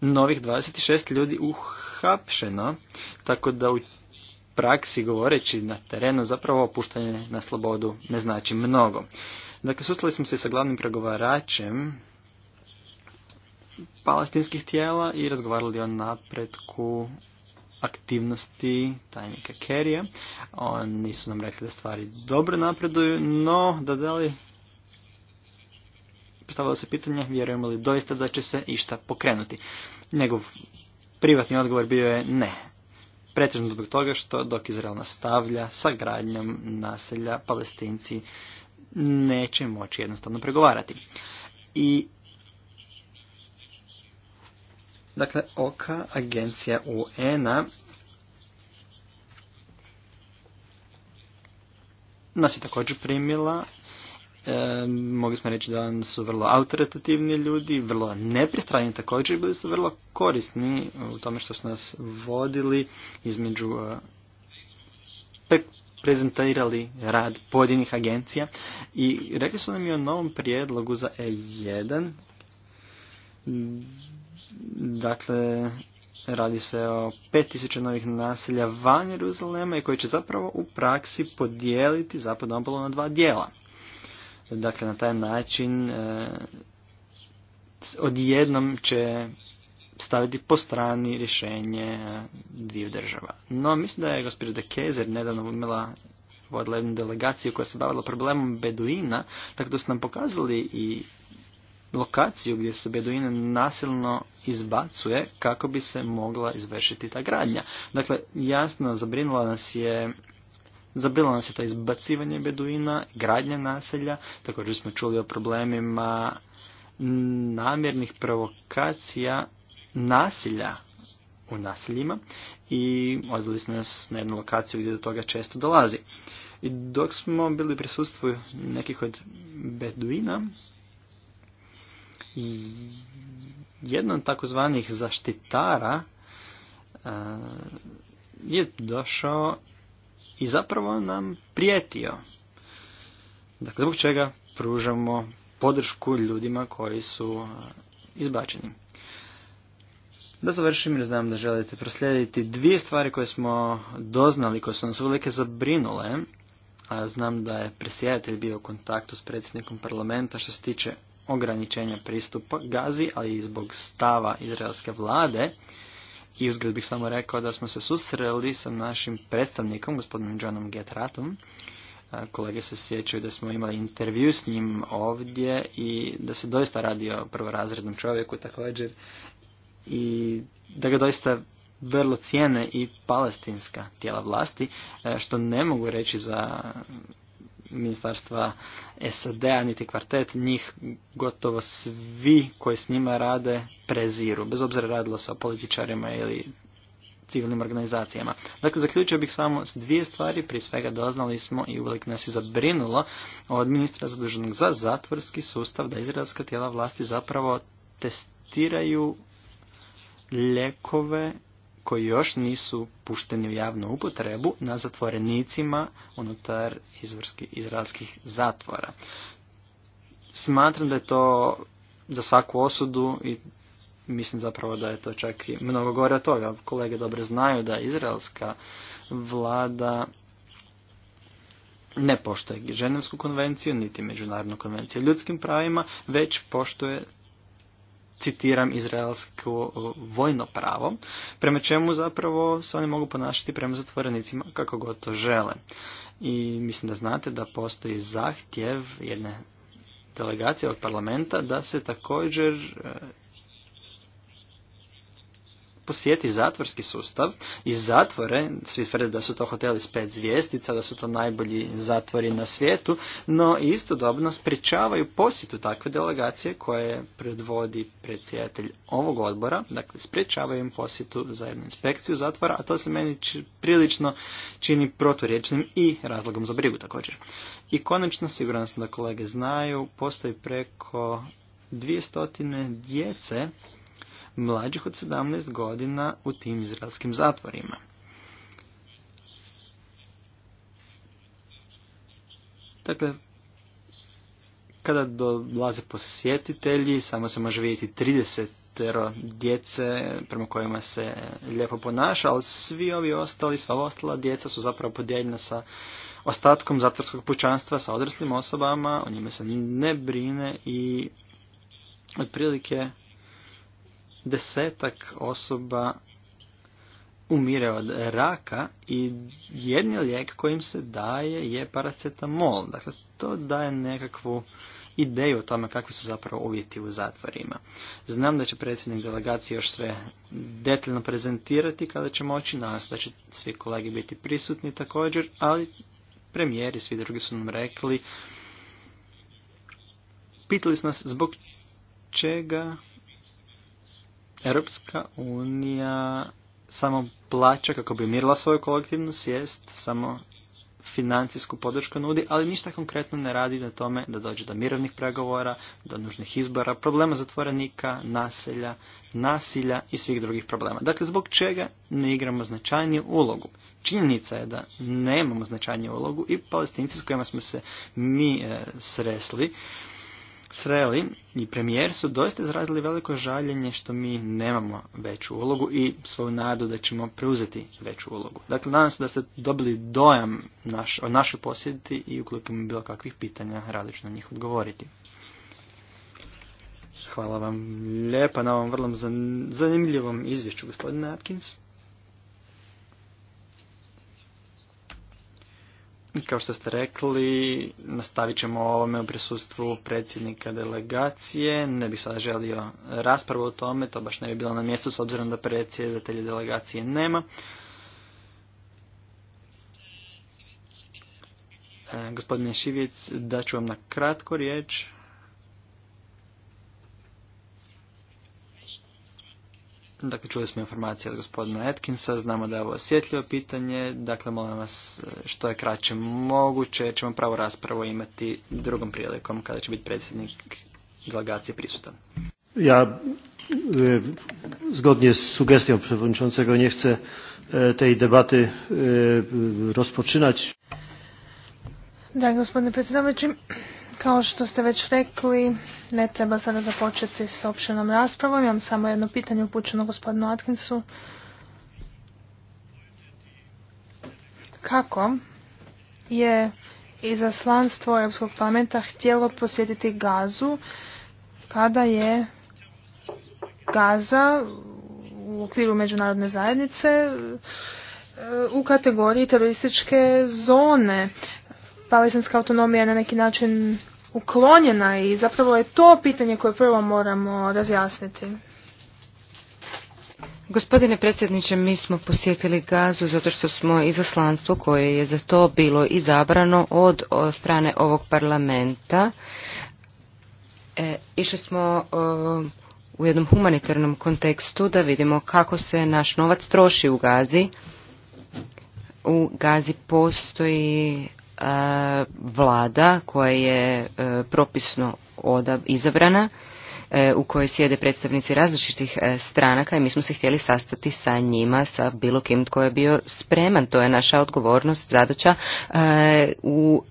novih 26 ljudi uhapšeno, tako da u praksi govoreći na terenu zapravo opuštanje na slobodu ne znači mnogo. Dakle, sustali smo se sa glavnim pregovaračem palestinskih tijela i razgovarali o napretku aktivnosti tajnika Kerija. Oni su nam rekli da stvari dobro napreduju, no da da li postavilo se pitanje vjerujemo li doista da će se išta pokrenuti. Njegov privatni odgovor bio je ne pretežno zbog toga što dok Izrael nastavlja sa gradnjom naselja palestinci neće moći jednostavno pregovarati. I Dakle, OKA, agencija UN-a, nas je također primila E, mogli smo reći da su vrlo autoritativni ljudi, vrlo nepristrani također i bili su vrlo korisni u tome što su nas vodili između e, prezentirali rad pojedinih agencija i rekli su nam i o novom prijedlogu za E1 dakle Radi se o 5000 novih naselja van Jeruzalema i koji će zapravo u praksi podijeliti zapadnu obalu na dva dijela. Dakle, na taj način e, odjednom će staviti po strani rješenje e, dviju država. No, mislim da je gospođa De Kezer nedavno imala vodila jednu delegaciju koja se bavila problemom Beduina, tako da su nam pokazali i lokaciju gdje se Beduina nasilno izbacuje kako bi se mogla izvršiti ta gradnja. Dakle, jasno zabrinula nas je Zabilo nas je to izbacivanje beduina, gradnja naselja, također smo čuli o problemima namjernih provokacija nasilja u naseljima i odveli smo nas na jednu lokaciju gdje do toga često dolazi. I dok smo bili prisustvu nekih od beduina, jedan od takozvanih zaštitara eh, je došao i zapravo nam prijetio. Dakle, zbog čega pružamo podršku ljudima koji su izbačeni. Da završim jer znam da želite proslijediti dvije stvari koje smo doznali, koje su nas uvijek zabrinule, a znam da je presjedatelj bio u kontaktu s predsjednikom parlamenta što se tiče ograničenja pristupa Gazi, ali i zbog stava izraelske vlade, i uzgled bih samo rekao da smo se susreli sa našim predstavnikom, gospodinom Johnom Getratom. E, kolege se sjećaju da smo imali intervju s njim ovdje i da se doista radi o prvorazrednom čovjeku također i da ga doista vrlo cijene i palestinska tijela vlasti, e, što ne mogu reći za ministarstva SAD-a, niti kvartet, njih gotovo svi koji s njima rade preziru, bez obzira radilo se o političarima ili civilnim organizacijama. Dakle, zaključio bih samo s dvije stvari, prije svega doznali smo i uvijek nas je zabrinulo od ministra zaduženog za zatvorski sustav da izraelska tijela vlasti zapravo testiraju lijekove koji još nisu pušteni u javnu upotrebu na zatvorenicima unutar izraelskih zatvora. Smatram da je to za svaku osudu i mislim zapravo da je to čak i mnogo gore od toga. Kolege dobro znaju da izraelska vlada ne poštuje Ženevsku konvenciju, niti Međunarodnu konvenciju o ljudskim pravima, već poštuje citiram izraelsko e, vojno pravo, prema čemu zapravo se oni mogu ponašati prema zatvorenicima kako god to žele. I mislim da znate da postoji zahtjev jedne delegacije od parlamenta da se također e, posjeti zatvorski sustav i zatvore, svi tvrde da su to hoteli s pet zvijestica, da su to najbolji zatvori na svijetu, no istodobno sprječavaju posjetu takve delegacije koje predvodi predsjedatelj ovog odbora, dakle sprječavaju im posjetu za jednu inspekciju zatvora, a to se meni prilično čini proturječnim i razlogom za brigu također. I konačno, siguran sam da kolege znaju, postoji preko 200 djece mlađih od 17 godina u tim izraelskim zatvorima. Dakle, kada dolaze posjetitelji, samo se može vidjeti 30 djece prema kojima se lijepo ponaša, ali svi ovi ostali, sva ostala djeca su zapravo podijeljena sa ostatkom zatvorskog pućanstva, sa odraslim osobama, o njima se ne brine i otprilike desetak osoba umire od raka i jedni lijek kojim se daje je paracetamol. Dakle, to daje nekakvu ideju o tome kakvi su zapravo uvjeti u zatvorima. Znam da će predsjednik delegacije još sve detaljno prezentirati kada će moći, nas da će svi kolegi biti prisutni također, ali premijeri i svi drugi su nam rekli, pitali smo nas zbog čega Europska unija samo plaća kako bi mirila svoju kolektivnu svijest, samo financijsku podršku nudi, ali ništa konkretno ne radi na tome da dođe do mirovnih pregovora, do nužnih izbora, problema zatvorenika, naselja, nasilja i svih drugih problema. Dakle, zbog čega ne igramo značajniju ulogu? Činjenica je da nemamo značajniju ulogu i palestinci s kojima smo se mi e, sresli Sreli i premijer su doista izrazili veliko žaljenje što mi nemamo veću ulogu i svoju nadu da ćemo preuzeti veću ulogu. Dakle, nadam se da ste dobili dojam naš, o našoj posjediti i ukoliko mi bilo kakvih pitanja, rado na njih odgovoriti. Hvala vam lijepa na ovom vrlo zanimljivom izvješću, gospodine Atkins. Kao što ste rekli, nastavit ćemo o ovome u prisustvu predsjednika delegacije. Ne bih sada želio raspravu o tome, to baš ne bi bilo na mjestu s obzirom da predsjedatelja delegacije nema. E, gospodine Šivjec, daću vam na kratko riječ. Dakle, čuli smo informacije od gospodina Atkinsa, znamo da je ovo osjetljivo pitanje, dakle, molim vas što je kraće moguće, ćemo pravo raspravo imati drugom prilikom kada će biti predsjednik delegacije prisutan. Ja e, zgodnie z sugestią przewodniczącego nie chcę e, tej debaty e, rozpoczynać. Da, gospodine predsjedniče... Kao što ste već rekli, ne treba sada započeti s općenom raspravom. Imam samo jedno pitanje upućeno gospodinu Atkinsu. Kako je izaslanstvo Europskog parlamenta htjelo posjetiti Gazu kada je Gaza u okviru međunarodne zajednice e, u kategoriji terorističke zone. Palestinska autonomija je na neki način uklonjena i zapravo je to pitanje koje prvo moramo razjasniti. Gospodine predsjedniče, mi smo posjetili Gazu zato što smo izaslanstvo koje je za to bilo izabrano od strane ovog parlamenta. E, išli smo u jednom humanitarnom kontekstu da vidimo kako se naš novac troši u Gazi. U Gazi postoji vlada koja je e, propisno izabrana E, u kojoj sjede predstavnici različitih e, stranaka i mi smo se htjeli sastati sa njima, sa bilo kim tko je bio spreman. To je naša odgovornost, zadaća e, u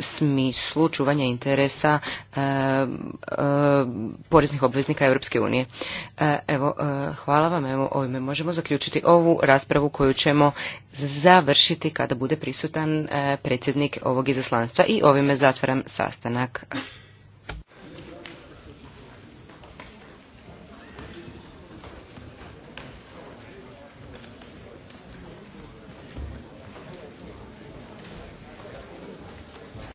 smislu čuvanja interesa poreznih obveznika Europske unije. Evo, hvala vam, evo ovime možemo zaključiti ovu raspravu koju ćemo završiti kada bude prisutan predsjednik ovog izaslanstva i ovime zatvaram sastanak.